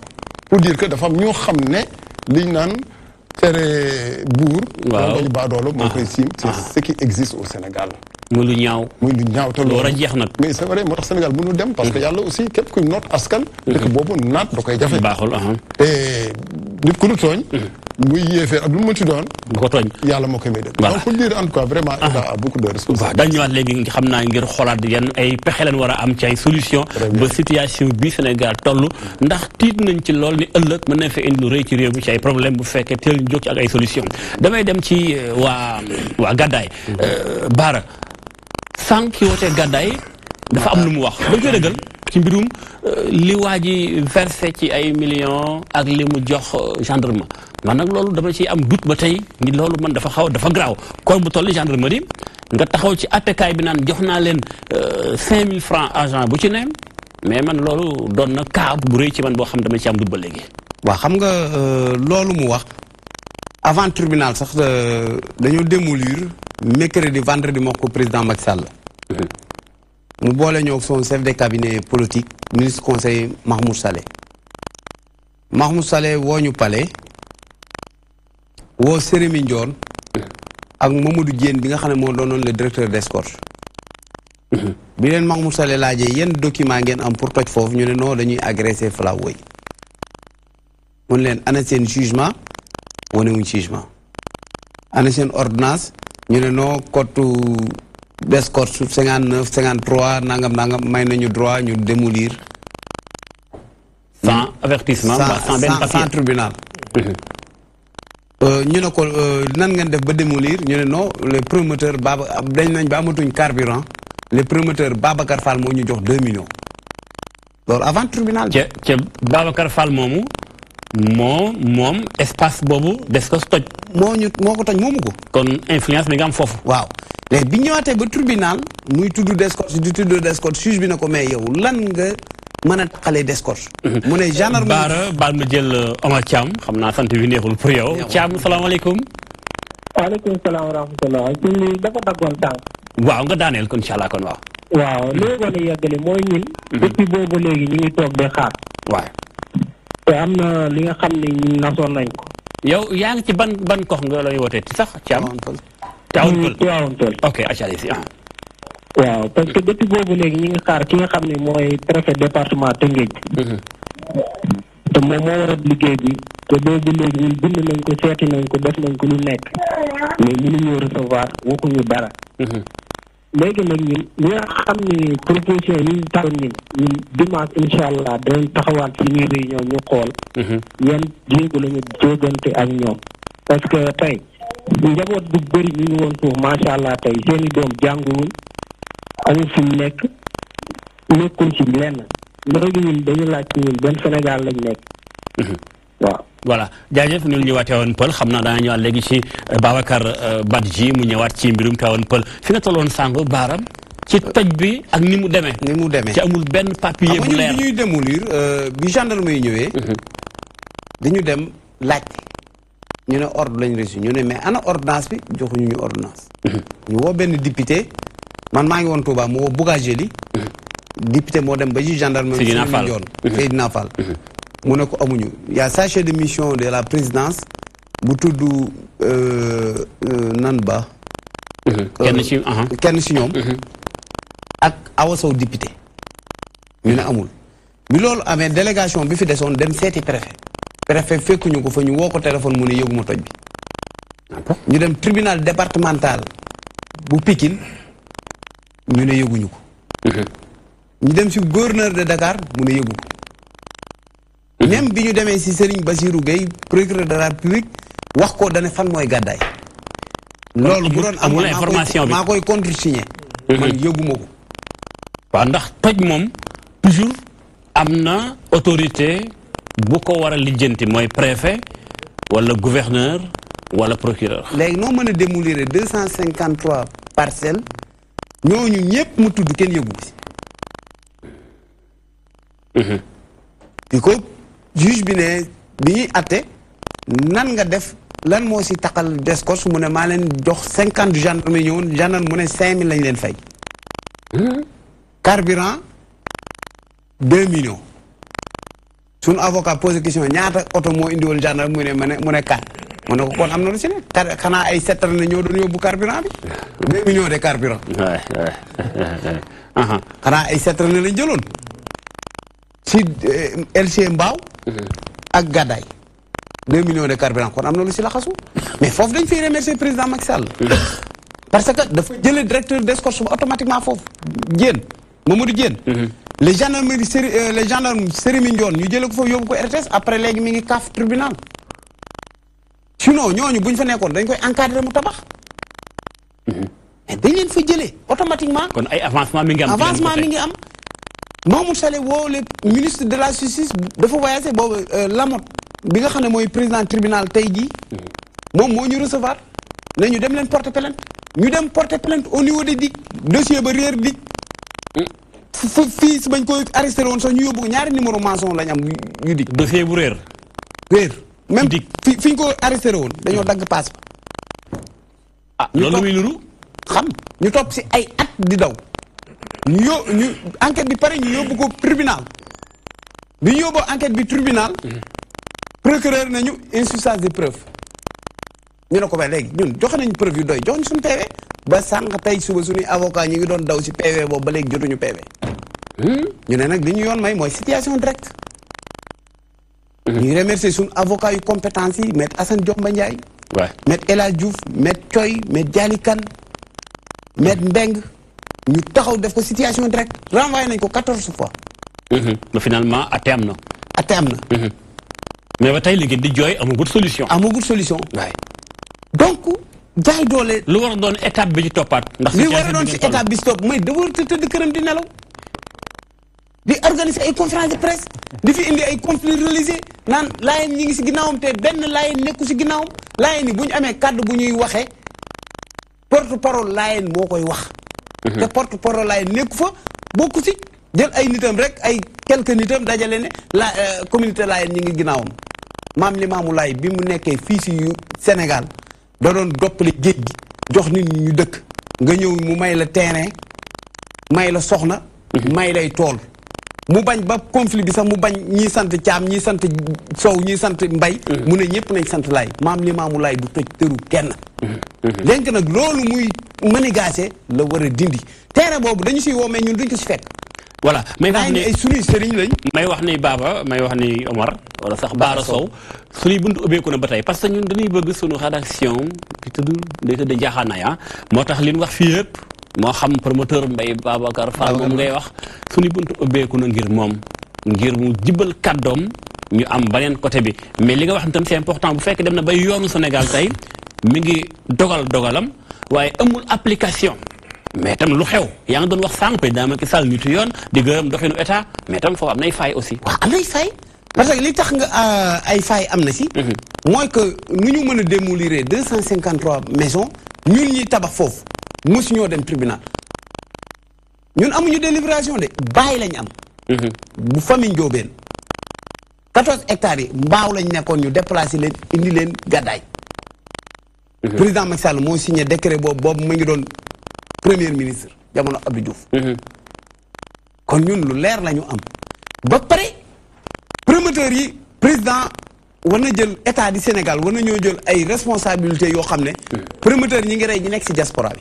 pour dire que dafa am ñoo xam ne liñ tere buur. waaw loolu baadoolo moo koy ah. siim. c'est ah. ce qui existe au Sénégal. muy lu ñaaw. muy lu ñaaw te loolu war a jeex nag. mais c'est vrai moo tax Sénégal mënul dem. parce que mm. yàlla aussi képp kuy noot askan. dëkk mm-hmm. boobu naat da koy jafe. baaxul te nit ku nu tooñ. muy yéefeer ak mu mënti yàlla moo koy may dëgg. voilà donc pour dire en tout léegi xam naa ngir xoolaat yan ay pexe lañ war am ci ay solution ba situation bi Sénégal toll ndax tiit nañ ci lool ni ëllëg mën na fa indi lu rëy ci réew mi ci ay problème bu fekkee teel ñu ci ak ay solution damay dem ci euh, waa waa gàddaay. Euh, Baara sànq ki wootee gàddaay dafa am lu mu wax ba gërëgal. ci mbirum euh, li waa ji versé ci ay millions ak li mu jox euh, gendarme man nag loolu dama ci am doute ba tey ni loolu man dafa xaw dafa garaaw kon bu toll ni gendarmerie nga taxaw ci attekaay bi naan jox naa leen euh, mille francs agent bu ci ne mais man loolu doon na cas bu rëy ci man boo xam dama ci am doute ba léegi. waa xam nga loolu mu wax avant tribinal sax dañoo démolir mercredi vendredi moo ko président Macky Sall. Mhm. mu boole ñoo son chef de cabinet politique ministre conseil Mahmoud Saleh Mahmoud Saleh au ñu au woo Sérémi Ndione ak Mamadou Diène bi nga xam ne le directeur d'escorte mhm. bi leen Mahmoud Saleh laajee yenn document ngeen am pour toj foofu ñu ne non dañuy agressé Falawoy mun leen ana jugement, jugement wane wuñ jugement ana seen ordonnance ñu ne non cotu d'escorte sur 59 53 nangam nangam may nañu droit de démolir. sans avertissement sans bah, benn papier sans tribunal. Mhm. Euh, Nous avons ko euh, nan ngeen démolir ñu avons le promoteur, promoteurs Baba dañ nañ ba amatuñ carburant le promoteur Babacar Fall ñu 2 millions. Alors avant tribunal. ca Babacar Fall moo moom espace boobu des ko toj. moo ñu moo ko toj moomu ko. kon influence bi nga am foofu. waaw léegi bi ñëwaatee ba tribunal muy tudd Descos di tudd Descos juge bi na ko mais yow lan nga mën a taqalee Descos. mu ne gendarme baara baal ma jël euh, Omar Thiam xam naa sant bi neexul pour yow. Thiam salaamaaleykum. waaleykum salaam wa rahmatulah. lii dafa daggoon tànk. waaw nga daaneel kon incha waaw. waaw li ma yeggali mooy ñun. Mhm. depuis boobu léegi ñu ngi toog de xaar. te am na li nga xam ne ñun nasoon nañ ko. yow yaa ngi ci ban ban ko nga lay wootee sax ci am. Tivaouane Peulh mm, ok waaw parce que boobu léegi ñi ngi xaar ki nga xam ne mooy préfet département Tëngéej. Mm-hmm. te moom moo waral liggéey bi te boobu léegi ñun bind nañ ko seeti nañ ko def nañ ko lu nekk mais mënuñoo recevoir waxuñu dara. Mm-hmm. léegi nag ñun ñi nga xam ni proposition yi ñu taxoon ñun ñun dimanche incha allah dinañ taxawaat suñuy ñu xool. Mhm. yan jéego la ñu jógante ak ñoom. parce que tey njaboot bu bëri ñu ngi woon foofu macha allah tey seen i doom jànguwuñ amul fu mu nekk nekkuñ ci lenn léegi ñun dañu laaj ci ñun benn Sénégal lañ nekk. Mhm. waaw voilà jaajëf ñu ñëwaat Tivaouane Peulh xam da dana ñëwaat léegi ci euh, Babacar euh, Badji mu ñëwaat ci mbirum Tivaouane Peulh fi nga tolloon sànq baaram ci toj bi ak ni mu demee. ni mu demee ci amul benn papier bu leer ñuy démolir euh, bi gendarme yi ñëwee. Mhm. dañu dem laaj ñu ne ordre lañ reçu ñu ne mais ana ordonnance bi joxuñu ñu ordonnance. Mhm. ñu woo benn député man maa ngi woon Touba mu woo Bougageli mhm. député moo dem ba ci gendarme. Seydina Fall Seydina mu ne ko amuñu y' a chargé de mission de la présidence bu tudd euh, euh Nanba, mhm. euh, kenn ci kenn ci ñoom. Mhm. ak Awa Sow député ñu ne amul. bi loolu amee délégation bi fi desoon dem seeti préfet. préfet fekkuñu ko fa ñu woo ko téléphone mu ne yëguma toj ñu dem tribunal départemental bu Pikine ñu ne yëguñu ko. Mhm. ñu dem ci gouverneur de Dakar mu ne même biñu démé ci Serigne Bassirou Gueye procureur de la République wax ko dañ fan moy gaday lolou bu done am information bi makoy koy contresigné. Mhm. man yëguma ko. ndax toj mom toujours amna autorité bu ko wara a moy préfet wala gouverneur wala procureur. légui no meuna démolir 253 parcelles cinquante trois parcelles ñooñu ñëpp mu tuddu ken yëgu mhm. ko juge bi ne bi ñuy atte nan nga def lan moo si taqal descos mu ne maa leen jox cinquante gendarme ñëwoon gendarme mu ne cinq mille lañ leen fay carburant deux millions suñu avocat posé question ñaata oto moo indiwal gendarme mu ne ma mu ne ko kon am na lu si ne xanaa ay settar na ñoo doon yóbbu carburant bi deux millions de carburant [LAUGHS] xanaa ay settar na lañ jëloon si euh, LC Mbaaw Mhm. ak gàddaay deux millions de carburant kon am na lu si laxasu mais foofu dañ fi remercier président Macky Sall mhm. parce que dafa jëlee directeur d'escorte ba automatiquement foofu Diène Mamadou Diène mhm. les gendarmes séri euh, les gendarmes Serigne Ndione ñu jëlee ko foofu yóbbu ko RTS après léegi mi ngi kaaf tribunal sinon ñooñu bu ñu fa nekkoon dañ koy encadrer mu tabax mais dañ leen fa jëlee automatiquement kon ay avancement mi ngi am avancement mi ngi am Mahmoud Saleh woo le ministre de la justice dafa voyagé boobu euh, Lamotte bi nga xam ne mooy président tribunal tey jii moom moo ñu recevoir ne ñu dem leen porter plainte ñu dem porter plainte au niveau de DIC dossier ba réer DIC fu fii si bañ koy arrêté woon sax ñu yóbbu ñaari numéro maçon lañ am yu DIC dossier bu réer réer même fi fi ñu ko arrêté woon dañoo dagg paas ba ah, xam ñu topp si ay at di daw ñu yó ñu enquête bi pare ñu yóbbu ko tribunal bi ñu yóbboo enquête bi tribunal mhm. procureur nañu insuffisance des preuves ñu ne ko ba léegi ñun joxe nañ preuve yu doy jox ñu suñu ba sànq tey suba suñuy avocat ñu ngi doon daw si PV boobu ba léegi jotuñu PV mhm. ñu ne nag li ñu yoon may mooy situation directe mhm. ñuy remercier suñu avocat yu compétence yi maître Assane Diop Ndiaye maître El Hadj Diouf maître Thioy maître Dialy Kane maître Mbeng ñu taxaw def ko situation direct renvoyé nañ ko 14 fois. Mhm. mais finalement até am na. atte am na. mais ba tey li ngeen di jooy amagut solution. amagut solution. waay donc jaay doole. lu war a doon étape bi ci toppaat. ndax li war a doon si étape bi ci topp mooy dafa war a tëdd këram di nelaw. di organiser ay conférence de presse. di fi indi ay conflits religieux naan laayeen ñi ngi si ginnaawam te benn laayeen nekku si ginnaawam laayeen yi bu ñu amee kàddu bu ñuy waxee porte parole laayeen moo koy wax. te mhm. porte parole laay nekku fa bokku si jël ay nitam rek ay quelques nitam dajale ne la euh, communauté laayeen ñi ngi ginnaawam maam Limaamu Laay bi mu nekkee fii si Sénégal da doon doppali géej gi jox nit ñu dëkk nga ñëw mu may la terrain may la soxna mhm. may lay tool mu bañ ba conflit bi sax mu bañ ñii sant caam ñi sant sow ñi sant mbay mm-hmm. mu ne ñëpp nañ sant laay maam limaamu laay du toj tëru kenn mm-hmm. Mm-hmm. léegi nag loolu muy manigaase la war a dindi teere boobu dañu siy woomee ñun duñ ko si fekk voilà may wax ne ay sunuy sëriñ lañ may wax ni baaba may wax ni Omar wala sax Baara soow Sow suñuy buntu ubbeeku na ba tey parce que ñun dañuy bëgg sunu rédaction di tëdd day tëdd jaaxaanaya ah. moo tax li wax fii yëpp moo xam promoteur Mbaye Babacar Fall moom ngay wax suñu buntu ubbeeku na ngir moom ngir mu jibal kàddoom ñu am beneen côté bi mais li nga wax tam si important bu fekk dem na bay yoonu Sénégal tey mi ngi dogal dogalam waaye amul application mais tam lu xew yaa ngi doon wax sànq président Macky Sall yoon di gërëm doxinu état mais tam foofu am nay faay aussi waaw am nay faay parce que li tax nga euh, ay faay am na si mhm. mooy que nu ñu mën a démolir deux cent cinquante trois maisons ñun ñi tabax foofu mus ñoo dem tribunal ñun amuñu délibération de bàyyi lañ am. Mhm. bu famille Njóobeen quatorze hectares yi mbaaw lañ nekkoon ñu déplacé leen indi leen gàddaay. Mhm. président Macky Sall moo signé décret boobu boobu mu ngi doon premier ministre jamono Abdou Diouf. Mhm. kon ñun lu leer la ñu am. ba pare promoteurs yi président war na jël état du Sénégal war na ñoo jël ay responsabilités yoo xam ne. promoteurs ñi ngi rey ñi nekk si diaspora bi.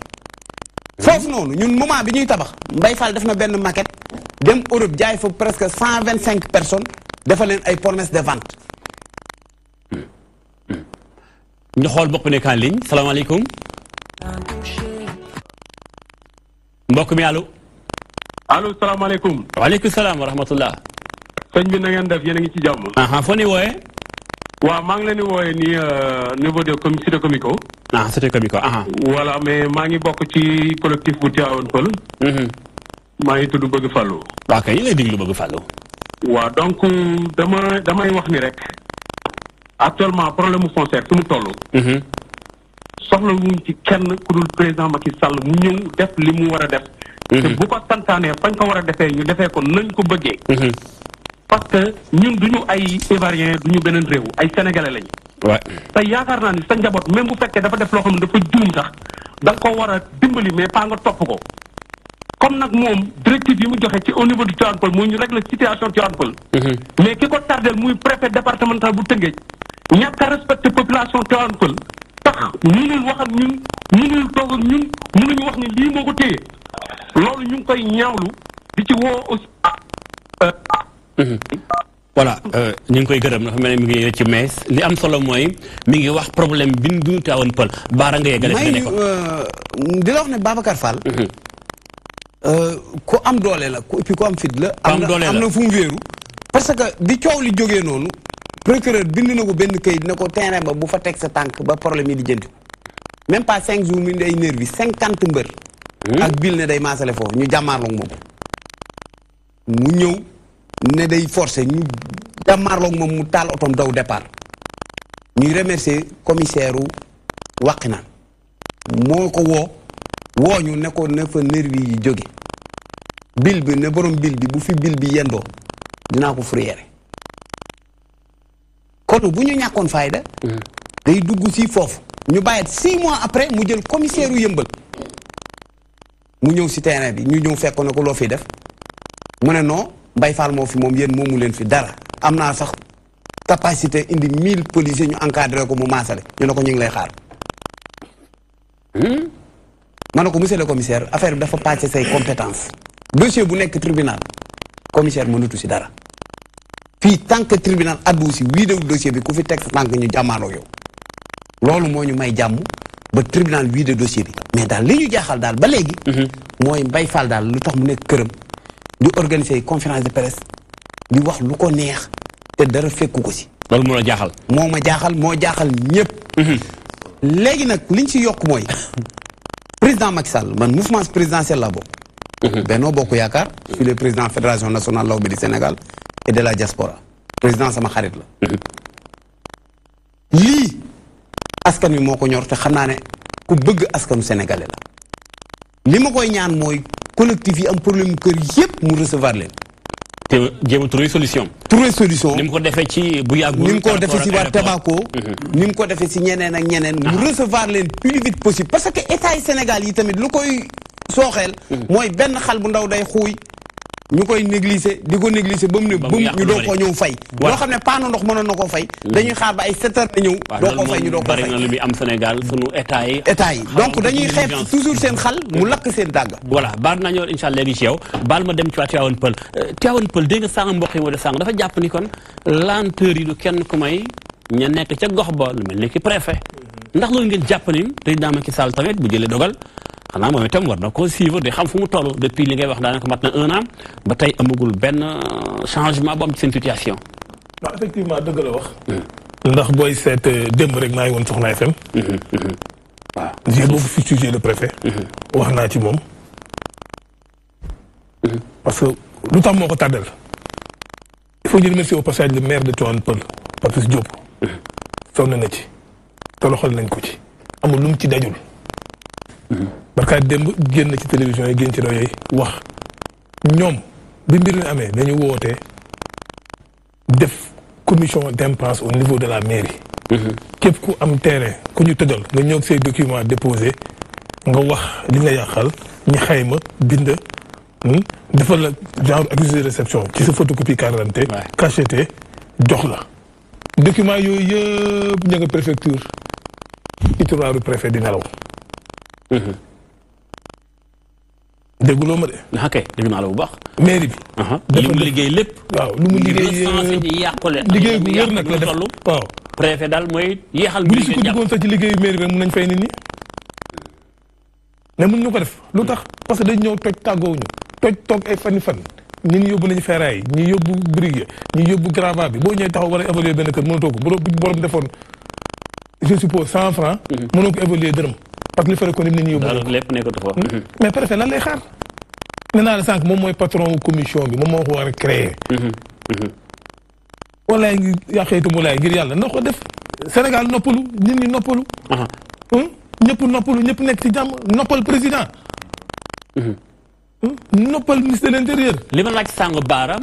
foofu noonu ñun moment bi ñuy tabax Mbaye Fall def na benn maquette dem Europe jaay fa presque cent vingt cinq personnes dafa leen ay promesse de vente. Hmm. ñu xool mbokk mi nekk en ligne salaamaaleykum. mbokk mi allo. allo salaamaaleykum. waaleykum salaam wa rahmatullah. sëñ bi na ngeen def yéen a ngi ci jàmm. foo ni wooyee. waaw maa ngi leen di wooyee nii euh, niveau de comme cité comico. ah cité comico ah. voilà mais maa ngi bokk ci collectif bu Thiawane Pël. Mm-hmm. maa ngi tudd Bëgg Fallou. waaw kay lay déglu Bëgg Fallou. donc euh, dama damay wax ni rek actuellement problème mu foncier fi mu toll. Mm-hmm. soxla wuñ ci kenn ku dul président Macky Sall mu ñëw def li mu war a def. Mm-hmm. te bu ko santaanee fañ ko war a defee ñu defee ko nañ ko bëggee. parce que ñun du ñu ay ivoirien du ñu beneen réew ay sénégalais lañu. waaw te yaakaar naa ni sa njaboot même bu fekkee dafa def loo xam ne dafa juum sax da ko war a dimbali mais pas nga topp ko. comme nag moom directive yi mu joxe ci au niveau du Tivaouane moo mooy ñu régler situation Tivaouane Peulh. Mhm. mais ki ko tardel muy préfet départemental bu Tëngéej ñàkk a respecté population Tivaouane Peulh tax mënul wax ak ñun mënul toog ak ñun mënuñu wax ni lii moo ko téye loolu ñu ngi koy ñaawlu di ci woo ah, euh, voilà euh, ñu ngi koy gërëm na mel ne mu ngi ci mais li am solo mooy mi ngi wax problème bi ñu duñu taawoon pël baara nga yeggale fi nga nekkoon euh, di la wax ne Babacar Fall mhm. euh, ku am doole la ku ku am fit la am na fu wéeru parce que di coow li jógee noonu procureur bind na ko benn këyit na ko terrain ba bu fa teg sa tànk ba problème yi di jënti même pas cinq jours mu indi ay nervi cinquante mbër mhm. ak bil ne day maasale foofu ñu jàmmaarloog moom mu ñëw ne day forcé ñu jàmmaarloog moom mu taal otom daw départ ñuy remercier commissaire u Wakhinane moo ko woo wooñu ne ko ne fa nervi yi jóge bil bi ne borom bil bi bu fi bill bi yendoo dinaa ko fourrière kon bu ñu ñàkkoon fayda hmm. day dugg si foofu ñu bàyyi six mois après mu jël commissaire u yëmbal mu ñëw si terrain bi ñu ñëw fekk na ko loo fiy def mu ne noo bay Fall mo fi mom yeen momu len fi dara amna sax capacité indi 1000 policiers ñu encadrer ko mu masalé ñu nako ñing lay xaar. hmm manako monsieur le commissaire affaire dafa passé ses compétence dossier bu nek tribunal commissaire mënutu ci dara fi tant que tribunal addu ci wi dossier bi ku fi tek tank ñu jàmmaaroo yow lolu moñu may jàmm ba tribunal wi de dossier bi mais dal li ñu jaxal dal ba léegi moy mm-hmm. mbay Fall dal lutax mu nek kërëm organisons organiser conférence de presse nous wax fait ko neex te dara si. je mhm. liñ ci le [LAUGHS] président Macky Sall le mouvement présidentiel le mhm. Benno Bokk je le président fédération nationale du Sénégal et de la diaspora président sama xarit la. qui mhm. askan wi le ñor te sénégalais li collectif un problème que recevoir les trouver une trouver solution. trouver solution ko ci ko si wa Tabaco. ko ah. plus vite possible. parce que état Sénégal yi tamit lu koy moy mhm. benn xal bu ndaw day ñu koy négliger di ko négliger ba mu ne bum ñu doo ko ñëw fay loo xam ne paano ndox mënoon na koo fay hmm. dañuy xaar ba ay sept na ñëw doo ko fay ñu doo ko fay am Sénégal sunu état yi état yi donc dañuy xeeb seen xal mu lakk seen dàgg voilà baar naa ñëw inshallah léegi ci yow baal ma dem ci waa Tivaouane Peul euh, Tivaouane Peul dégg nga sànq mbokk yi moo de sànq dafa jàpp ni kon lenteur yi du kenn ku may ña nekk ca gox ba lu mel ni ki préfet mm-hmm. ndax loolu ngeen jàpp ni président Macky Sall tamit bu jëlee dogal xanaa moom itam war na ko suivre di xam fu mu toll depuis li ngay wax daanaka mat na un an ba tey amagul benn euh, changement bu am ci seen situation. waaw effectivement dëgg la wax. Hmm. ndax booy seet euh, démb rek maa ngi woon Soxna FM. Hmm, hmm, waaw j'ai beaucoup sujet le préfet. wax naa ci moom. parce que lu tax moo ko tàddal. il faut ñu remercier au passage le maire de Tivaouane Peulh Papis Diop. sonn na ci. toloxal nañ ko ci. amul lu mu ci dajul barkaay démb génn ci télévision yi génn ci rajo wax ñom bi mbir amé dañu woté def commission d'impasse au niveau de la mairie. Mm-hmm. képp ku am terrain ku ñu tëjal nga ñëw say documents déposé nga wax li nga yàqal ñu xayma bind. Hmm, defal la genre accusé de réception ci sa photocopie carte d'identité cacheté jox la. document yooyu yëpp ña nga préfecture. itineraaru préfet di nelaw. Mm-hmm. dégguloo ma de. ah kay dégg naa la bu baax. mairie bi. li mu liggéey lépp. waaw lu mu liggéey liggéey bu wér nag la def waaw. préfet daal mooy yéexal. bu ñu sukkandikoon sax ci liggéeyu mairie bi mun nañ fay nit ñi. mais mun ñu ko def lu tax parce que dañ ñëw toj tàggoo ñu toj ay fan fan ñi ñu yóbbu nañu yi ñi yóbbu brique yi ñi yóbbu gravat bi boo ñëwee taxaw war a évoluer benn kër mënatoo ko bu borom defoon je suppose cent franc. Mhm. mënoo ko évoluer dërëm. parce que li fële ko ni nit ñi yóbbu lépp nekkatu fa hmm? Hmm. mais préfet lan lay xaar nee naa la sànq moom mooy patron commission bi moom moo ko war a créer hmm. walaay ngi yàqeetu mu laay ngir yàlla na ko def Sénégal noppalu nit ñi noppalu ñëpp noppalu ñëpp nekk ci jàmm noppal président noppal ministre de l'intérieur li ma laaj sànq baaraam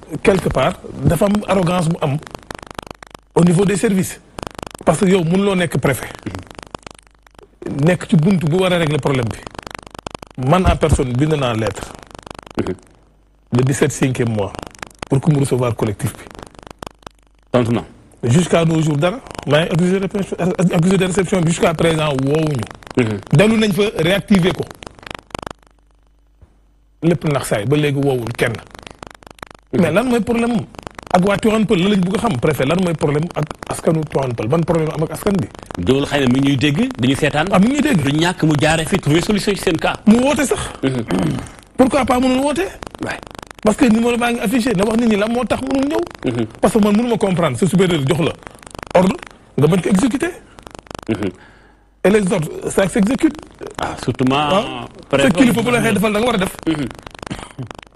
quelque part dafa am arrogance bu am au niveau des services parce que yow mënuloo nekk préfet nekk ci bunt bu war régler régler problème bi man en personne bind naa lettre le 17 5e mois pour que mu recevoir collectif jusqu'à nos jours dara maa ngi accusé de réception jusqu'à présent woowuñu. dalu nañ fa réactiver ko lépp ndax saay ba kenn. mais lan mooy problème am ak waa Tivaouane Peulh la lañ bëgg a xam préfet lan mooy problème ak askanu Tivaouane Peulh ban problème am ak askan bi. dool xëy na mi ngi ñuy dégg dañu seetaan. ah ñuy dégg du ñàkk mu jaaree fi trouver solution seen cas. mu woote sax. Mhm. [CLEARS THROAT] pourquoi pas mënul woote. parce que numéro baa ngi affiché na wax nit ñi lan moo tax mënul ñëw. Mhm. parce que man mënuma comprendre sa supérieur jox la ordre nga bañ ko exécuter. Mhm. et les ordres ça ah, surtout ma. Ah. préfet kilifa bu la xëy defal da war a def. [CLEARS THROAT]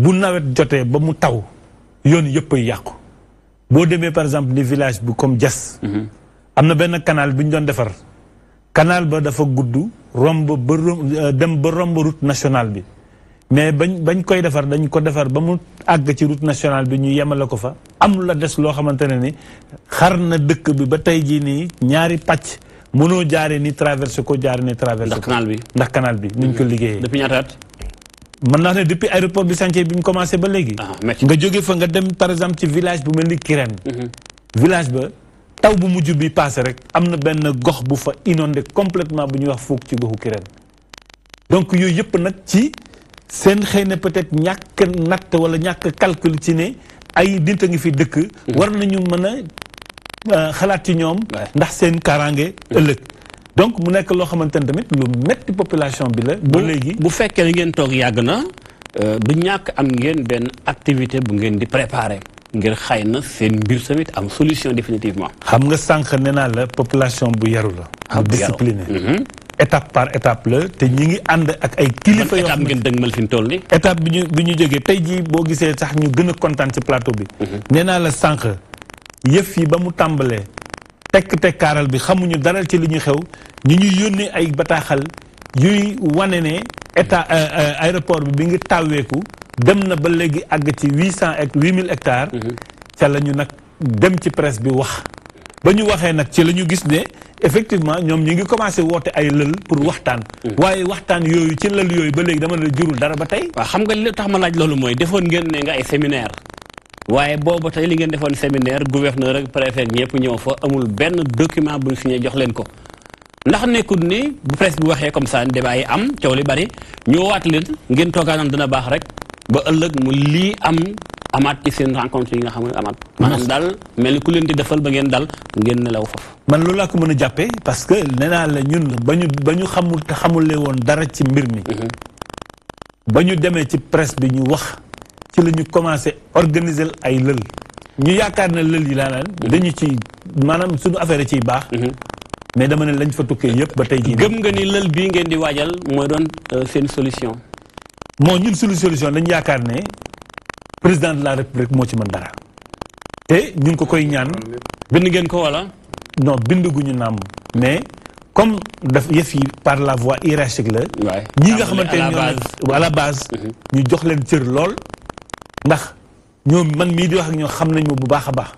bu nawet jotee ba mu taw yoon yëpp ay yàqu boo demee par exemple ni village bu comme Diass mhm. am na benn canal bi ñu doon defar canal ba dafa gudd romb ba euh, dem ba romb route nationale bi mais bañ bañ koy defar dañ ko defar ba mu àgg ci route nationale bi ñu yemale ko fa am la des loo xamante ne ni xar na dëkk bi ba tey jii nii ñaari pàcc mënoo jaare ni traversé ko jaare ni traversé ko ndax canal bi ndax canal bi niñ ko mhm. liggéeyee depuis mën naa ne depuis aéroport bi chantier bi ñu commencé ba léegi. Ah, nga jóge fa nga dem par exemple ci village bu mel ni Kirène. Mhm. village ba taw bu mujj bi paase rek am na benn gox bu fa inondé complètement bu ñuy wax foog ci goxu Kirène. donc yooyu yëpp nag ci seen xëy na peut-être ñàkk natt wala ñàkk calcul ci ne ay dinta ngi fi dëkk. Mhm. war nañu mën a euh, xalaat ci ñoom. ndax seen kaaraange mhm. ëllëg. donc mu nekk loo xamante ne tamit lu metti population bi la. ba léegi bu fekkee ni ngeen toog yàgg na euh, du ñàkk am ngeen benn activité bu ngeen di préparer ngir xay na seen mbir tamit am solution définitivement. xam nga sànq nee naa la population bu yaru la. bu discipliné. Mhm. étape par étape la te ñi ngi ànd ak ay. kilifa yoo xam ne ngeen dëgmal fi mu toll nii. étape bi ñu bi ñu jógee tey jii boo gisee sax ñu gën a kontaan ci plateau bi. Mhm. nee naa la sànq yëf yi ba mu tàmbalee. tekk kaaral bi xamuñu dara ci li ñu xew ñu ñuy yónnee ay bataaxal yuy wane ne état euh, euh, aéroport bi bi ngi tàwweeku dem na ba léegi àgg ci huit cent ak huit mille hectares. Mm-hmm. ca la ñu nag dem ci presse bi wax. ba ñu waxee nag ci la ñu gis ne effectivement ñoom ñu ngi commencé woote ay lël pour waxtaan. Mm-hmm. waaye waxtaan yooyu ci lël yooyu ba léegi dama la jurul dara ba tey. waaw xam nga li tax ma laaj loolu mooy defoon ngeen ne nga ay séminaire. waaye booba tey li ngeen defoon séminaire gouverneur ak préfet ñëpp ñëw fa amul benn document bu ñu signé jox leen ko ndax nekkul ni bu presse bi waxee comme ça débat yi am coow li bari ñu waat leen ngeen toogaanam dina baax rek ba ëllëg mu lii am amaat ci seen rencontre yi nga xam amaat. maanaam daal mel ni ku leen di defal ba ngeen dal ngeen nelaw foofu. man loolu laa ko mën a jàppee parce que nee naa la ñun ba ñu ba ñu xamul te xamule woon dara ci mbir mi. Mhm. ñu demee ci presse bi ñu wax. ci la ñu commencé organiser ay lël ñu yaakaar na lël yi laa naan dañu ci maanaam suñu affaire ciy baax mhm. mais dama ne lañ fa tukkee yëpp ba tey jii gëm nga ni lël bii ngeen di waajal mooy doon euh, seen solution moo ñun suñu solution dañ yaakaar ne président de la république moo ci mën dara te ñu ngi ko koy ñaan bind ngeen ko wala non bind gu mais comme daf yëf yi par la voie hiérarchique la ñi nga xamante ne ñoo à la base mhm. ñu jox leen cër lool ndax ñoo man mii di wax ak ñoo xam nañ ma bu baax a baax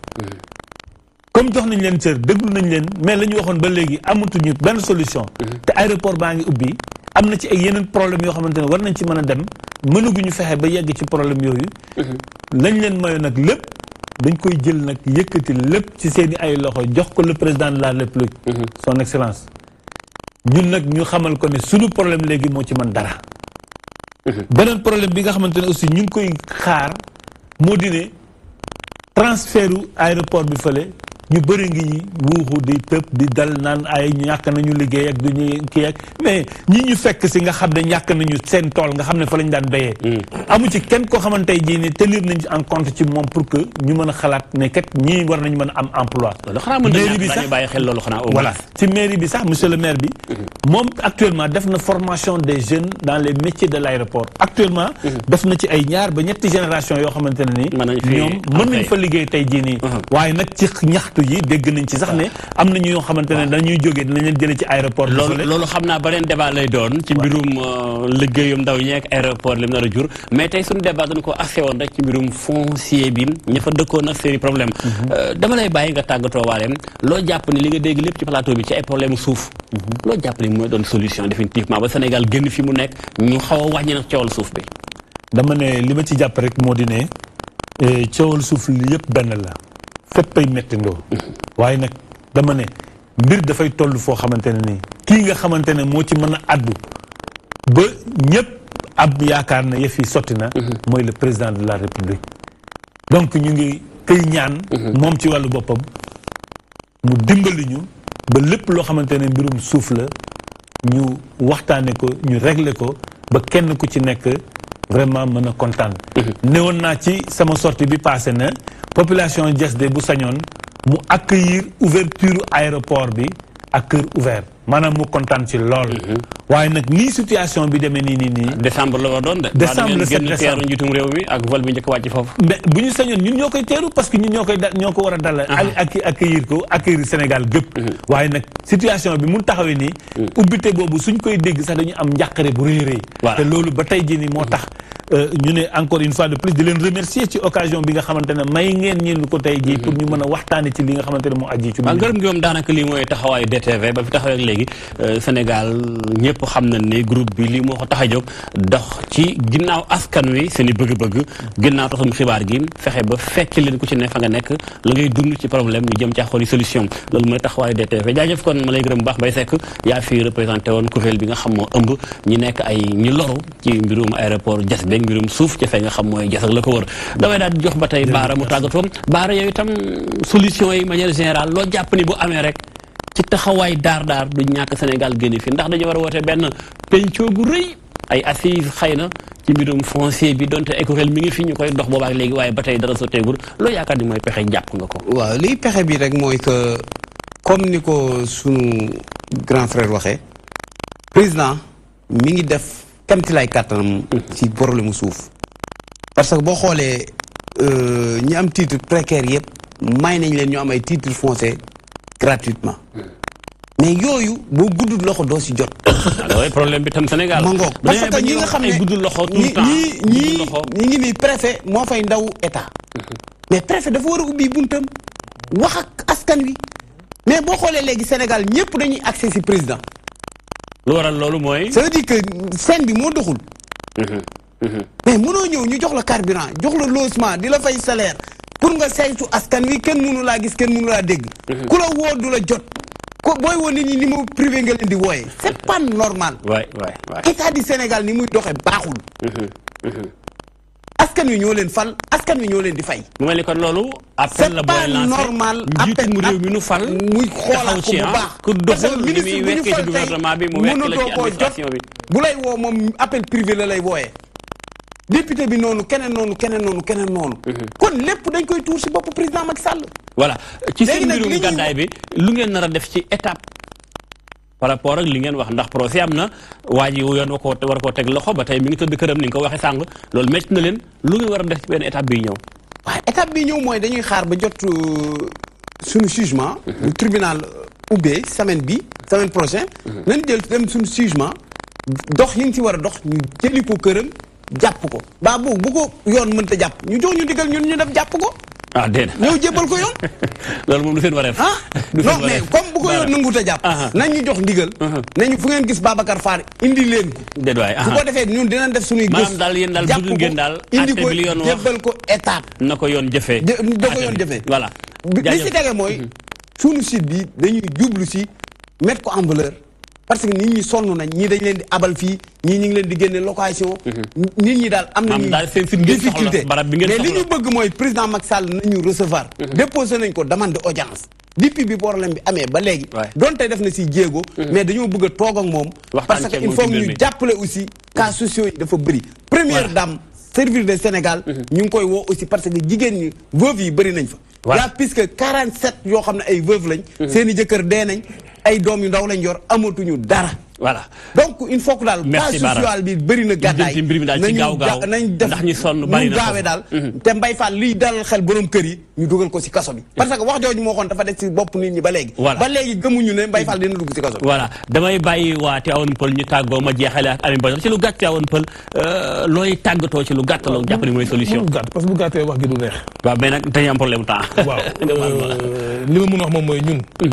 comme jox nañ leen cër déglu nañ leen mais la ñu waxoon ba léegi amatuñu benn solution te aéroport baa ngi ubbi am na ci ay yeneen problème yoo xamante ne war nañ ci mën a dem mënaguñu fexe ba yegg ci problème yooyu lañ leen mayoon nag lépp dañ koy jël nag yëkkati lépp ci seeni ay loxo jox ko le président de la république son excellence ñun nag ñu xamal ko ne suñu problème léegi moo ci man dara beneen problème bi nga xamante ne aussi ñu ngi koy xaar moo di ne transfert aéroport bi fële ñu bëri ngi wuuxu di tëb di dal naan ay ñàkk nañu liggéey ak du ñu kii ak mais ñi ñu fekk si nga xam ne ñàkk nañu seen tool nga xam ne fa lañ daan béyee. Hmm. amu ci kenn koo xamante ji ni tenir nañ ci en compte ci moom pour que ñu mën a xalaat ne kat ñii war nañu mën a am emploi. mairie bi sax bàyyi xel loolu xanaa voilà ci mairie bi sax monsieur le maire bi. Hmm. moom actuellement def na formation des jeunes dans les métiers de l' aéroport actuellement. Hmm. def na ci ay ñaar ba ñetti génération yoo xamante ne ni. mën nañ mën nañ fa liggéey tey jii nii. waaye nag ci ñax waxtu yi dégg nañ ci sax ne am na ñoo xamante ne dañuy jógee dinañ leen jëlee ci aéroport loolu loolu xam naa beneen débat lay doon ci mbirum euh, liggéeyum ndaw ñi ak aéroport li mu nar a jur mais tey suñu débat dañ ko axé woon rek ci mbirum foncier bi ña fa dëkkoon ak problème mhm. euh, dama lay bàyyi nga tàggatoo waaleen loo jàpp ni li nga dégg lépp ci plateau bi ci ay problème suuf mhm. loo mooy doon solution définitivement ba Sénégal génn fi mu nekk ñu xaw a wàññi nag coowal suuf bi dama ne li ma ci jàpp rek moo di ne eh, coowal suuf li yëpp benn la féppay métti ndoo waaye nag dama ne mbir dafay toll foo xamante ne nii kii nga xamante ne moo ci mën a addu ba ñëpp ab yaakaar na yëf yi sotti na mhm. mooy le président de la république donc ñu ngi këy ñaan mhm. moom ci wàllu boppam mu dimbali ñu ba lépp loo xamante ne mbirum suuf la ñu waxtaane ko ñu régler ko ba kenn ku ci nekk vraiment me suis Néon néewoon naa ci sama sortie bi passé la population de Boussagnon pour accueillir ouverture aéroport bi à ouvert. maanaam mu kontaan ci lool. Mhm. waaye nag nii situation bi demee nii nii nii. décembre la war doon de. décembre le 7 décembre teeru njiitum réew mi ak vol bi njëkk wàcc foofu. mais bu ñu sañoon ñun ñoo koy teeru parce que ñun ñoo koy da ñoo ko war a dalal. Mhm. ak accueillir ko accueillir Sénégal gépp mhm. waaye nag situation bi mu taxawee nii. ubbite boobu suñ koy dégg sax dañu am njàqare bu rëy rëy. te loolu ba tey jii nii moo tax. Euh, ñu ne encore une fois de plus di leen remercier ci occasion bi nga xamante ne may ngeen ñeen ko tey jii. pour ñu mën a waxtaanee ci li nga xamante ne moo aji ci. waaw ngërëm gi moom daanaka lii mooy taxawaayu DTV ba fi taxawee léegi euh, Sénégal ñëpp xam nañ ne groupe bi lii moo ko tax a jóg dox ci ginnaaw askan wi seen i bëgg-bëgg ginnaaw taxum xibaar gi fexe ba fekk leen ku ci ne fa nga nekk la ngay dund ci problème ñu jëm caa xooli solution loolu ma bi nga xam moo ëmb ñi nekk ay ñi loru ci mbirum aéroport Diass beeg mbirum suuf jafe nga xam mooy Diass ak la ko wër damay daal jox ba tey baara mu tàggatoo baara yooyu itam solution yi manière générale loo jàpp ni bu amee rek ci taxawaay daar daar du ñàkk Sénégal génne fi ndax dañu war a woote benn pencoo gu rëy ay assises xëy na ci mbirum foncier bi donte Ecotel mi ngi fi ñu koy dox boobaak léegi waaye ba tey dara sotteegul loo yaakaar ni mooy pexe jàpp nga ko. waaw liy pexe bi rek mooy que comme ni ko suñu grand frère waxee président mu ngi def kamtilaay kàttanam mm-hmm. ci problème suuf parce que boo xoolee euh, ñi am titre précaire yëpp may nañ leen ñu am ay titre foncier gratuitement mais yooyu boo guddul loxo doo si jot. [COUGHS] alors problème bi tam Sénégal. ma ngoog parce que ñi nga xam ne guddul loxo tout le ñi ñi ñi ngi nii préfet moo fay ndaw état. Mm-hmm. mais préfet dafa war a ubbi buntam wax ak askan wi mais boo xoolee léegi Sénégal ñëpp dañuy accès si président. lu waral loolu mooy. ça veut que scène bi moo doxul. Mm-hmm. Mm-hmm. mais mënoo ñëw ñu jox la carburant jox la logement di la fay salaire. pour nga saytu askan wi kenn mënu laa gis kenn mënu laa dégg. Mhm. ku la woo du la jot. ko booy woo nit ñi ni mu privé nga leen di wooye mhm. c'est pas normal. waay waay waay état du Sénégal ni muy doxee baaxul. Mhm, askan wi ñoo leen fal askan wi ñoo leen di fay. mu mel ni kon loolu. appel la booy mu réew mi nu fal. muy ah, bu lay woo moom appel privé la lay wooyee. député bi noonu keneen noonu keneen noonu keneen noonu. Mhm. kon lépp dañ koy tuur si bopp président Macky Sall. voilà ci seen mbirum bi lu ngeen nar a def ci étape. par rapport ak li ngeen wax ndax procès am na waa ji yoon wa koo war koo teg loxo ba tey mi ngi tëdd këram ni nga ko waxee sàng loolu métti na leen lu ngeen war a def ci étape bi ñëw. waaw étape bi ñëw mooy dañuy xaar ba jot euh, suñu jugement. bu mhm. tribunal ubbee semaine bi semaine prochaine. Mhm. nañ jël dem suñu jugement dox yi nga ci war a dox ñu jëli ko këram. jàpp ko baa boobu bu ko yoon mënta jàpp ñu jox ñu digal ñun ñu def jàpp ko ah déedéet ñëw ko [LAUGHS] loolu moom du seen wareef ah [LAUGHS] non mais comme bu ko yoon nanguwut a jàpp ah, ah. nañ ñu jox ndigal uh-huh. nañu fu ngeen gis Babacar Fall indi leen ko déedéet waay bu ko uh-huh. defee ñun dinañ def suñuy gës daal yéen daal jàpp ngeen daal indi ko jébbal ko état na ko yoon jëfee da ko yoon jëfee voilà li si tege mooy mm-hmm. suñu site bi dañuy jublu si mettre ko en valeur parce que nit ñi sonn nañ ñii dañ leen di abal fii ñi ñu ngi leen di génne location. Mhm. nit ñi daal am nañu difficulté mais li bëgg mooy président Macky Sall nañu recevoir. Mhm. déposé nañ ko demande audience. depuis bi problème bi amee ba léegi. donte def na si jéego. Mhm. mais dañoo bëgg a toog ak moom. parce que il faut ñu jàppale aussi cas sociaux yi dafa bëri. première dame servir de Sénégal. ñu ngi koy woo aussi parce que jigéen ñi veuve yi bëri nañ fa. voilà y' a plus yoo xam ne ay veuve lañ. seeni jëkkër dee nañ ay doom yu ndaw lañ yor amatuñu dara. voilà donc il faut que daal cas social bi bëri na gàddaay nañ def ñu gaawee daal mhm. te Mbaye Fall liy dalal xel borom yi ñu dugal ko si kaso bi parce que wax jooju moo xoon dafa des si bopp nit ñi ba léegi ba léegi gëmuñu ne Mbaye Fall dina dugg si kaso bi voilà damay bàyyi waa Tivaouane Peulh ñu tàggoo ma jeexale ak Alioune Badara ci lu gàtt Tivaouane Peulh euh, looy tàggatoo ci lu gàtt la jàpp mooy solution parce que bu gàttee wax gi du neex waaw mais nag dañuy am problème temps waaw [LAUGHS] euh, ma mën wax moom mooy ñun mhm.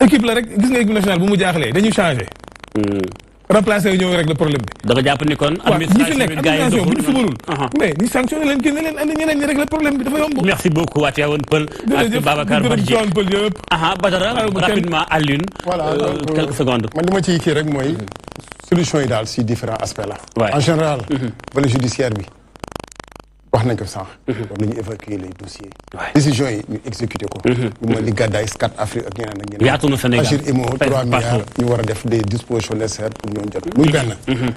équipe la rek gis nga équipe nationale bu mu jaaxlee dañuy changé. Hmm. remplacé wu ñëw rek le problème bi. da jàpp ni kon. administration bi gars yi doxul waaw ñi fi nekk administration bu ñu fubalul. mais ñu sanctionné leen génne leen andi problème bi dafa yomb. merci beaucoup waa Tivaouane Peulh. ak Babacar Badji jërëjëf Tivaouane Peulh yëpp. Badara rapidement Alioune. voilà euh, euh, quelques secondes. man li ma ciy kii rek mooy solution yi daal si différents aspects la. en général mhm. volet judiciaire bi. wax nañ ko sànq. Mhm. war nañu évacuer les dossiers. décision yi ñu exécuté ko. bu mhm. ma li gàddaay SCAT Afrique ak ñeneen ak ñeneen. yaatu na Sénégal Agir 3 milliards ñu war def des dispositions nécessaires pour ñoom jot. Mhm. muy benn.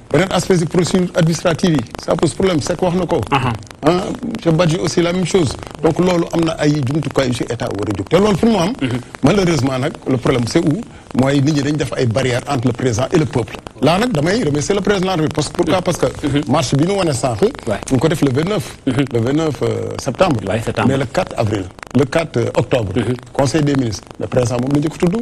beneen aspect de procédure administrative yi ça pose problème Seck wax na ko. Uh-huh. ah monsieur Badji aussi la même chose. donc loolu am na ay jumtukaay yu si état war a jóg te loolu am. malheureusement nag le problème c'est où moi il qu'il dañ def barrières entre le président et le peuple Là, je damay le président bi parce que pourquoi parce que mhm. marche bi ñu est sànq ñu ko le 29 mhm. le 29 euh, septembre mais le 4 avril le 4 euh, octobre mhm. conseil des ministres le président dit que tout doux.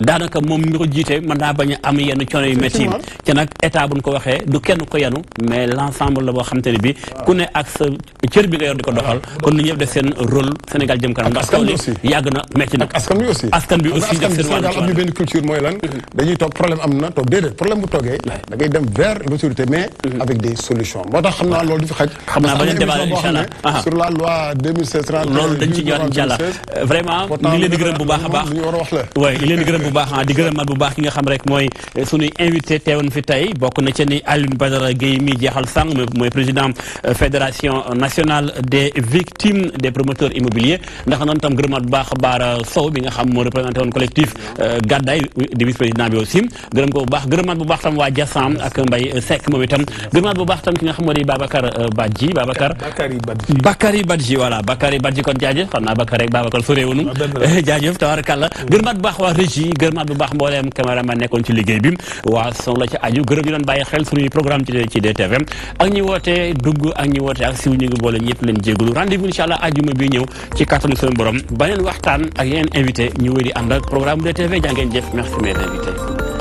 danaka mom mi jité man da baña am yenn coono yu métti yi ci nag état buñ ko waxé du kenn ko yanu mais l'ensemble ensemble la boo xam te bi ku ne ak sa cër bi nga yor diko doxal kon ñu ñëpp def sen rôle Sénégal jëm kanam ndax kaw yag na métti nak askan bi aussi askan bi aussi def seen wàllu am ñu ben culture moy lan mhm. dañuy tok problème am na toog déedéet problème bu togué da ngay dem vers l'autorité mais mhm. avec des solutions moo tax xam naa loolu du fi xaj xamna naa beneen débat inshallah sur la loi 2016 loolu dañ ci ñëwaat incha allah vraiment ni leen di gërëm bu baaxa baax a baax leen di gërëm bu baax di gërëmaat bu baax ki nga xam rek mooy suñuy invité teewoon fi tey bokk na ci ni Alioune Badara Gueye mi jeexal sang mooy président euh, fédération nationale des victimes des promoteurs immobiliers ndax noonu tam gërëmaat bu baax Baara Sow bi nga xam moo représenté woon collectif euh, Gàddaay di vice président bi aussi gërëm ko bu baax gërëmaat bu baax tam waa Jassam ak Mbaye Seck moom itam gërëmaat bu baax tam ki nga xam moo di Babacar euh, Badji Babacar Bakari Badji voilà Bakari Badji kon jaajëf xam naa Bakari ak Babacar soriwunu ah, [LAUGHS] jaajëf tabarakàllah gërëmaat bu baax waa régie gërëmaat bu baax mbooleem caméraman nekkoon ci liggéey bi waa son la ci aju gërëm ñu doon bàyyi xel suñuy programme ci ci DTV ak ñi woote dugg ak ñi woote ak siw ñu ngi boole ñëpp leen jégalu rendez-vous incha allah ajuma bi ñëw ci kattanu suñu borom baneen waxtaan ak ñeen invité ñu wéy di ànd ak programme DTV jàngeen jëf merci mes invités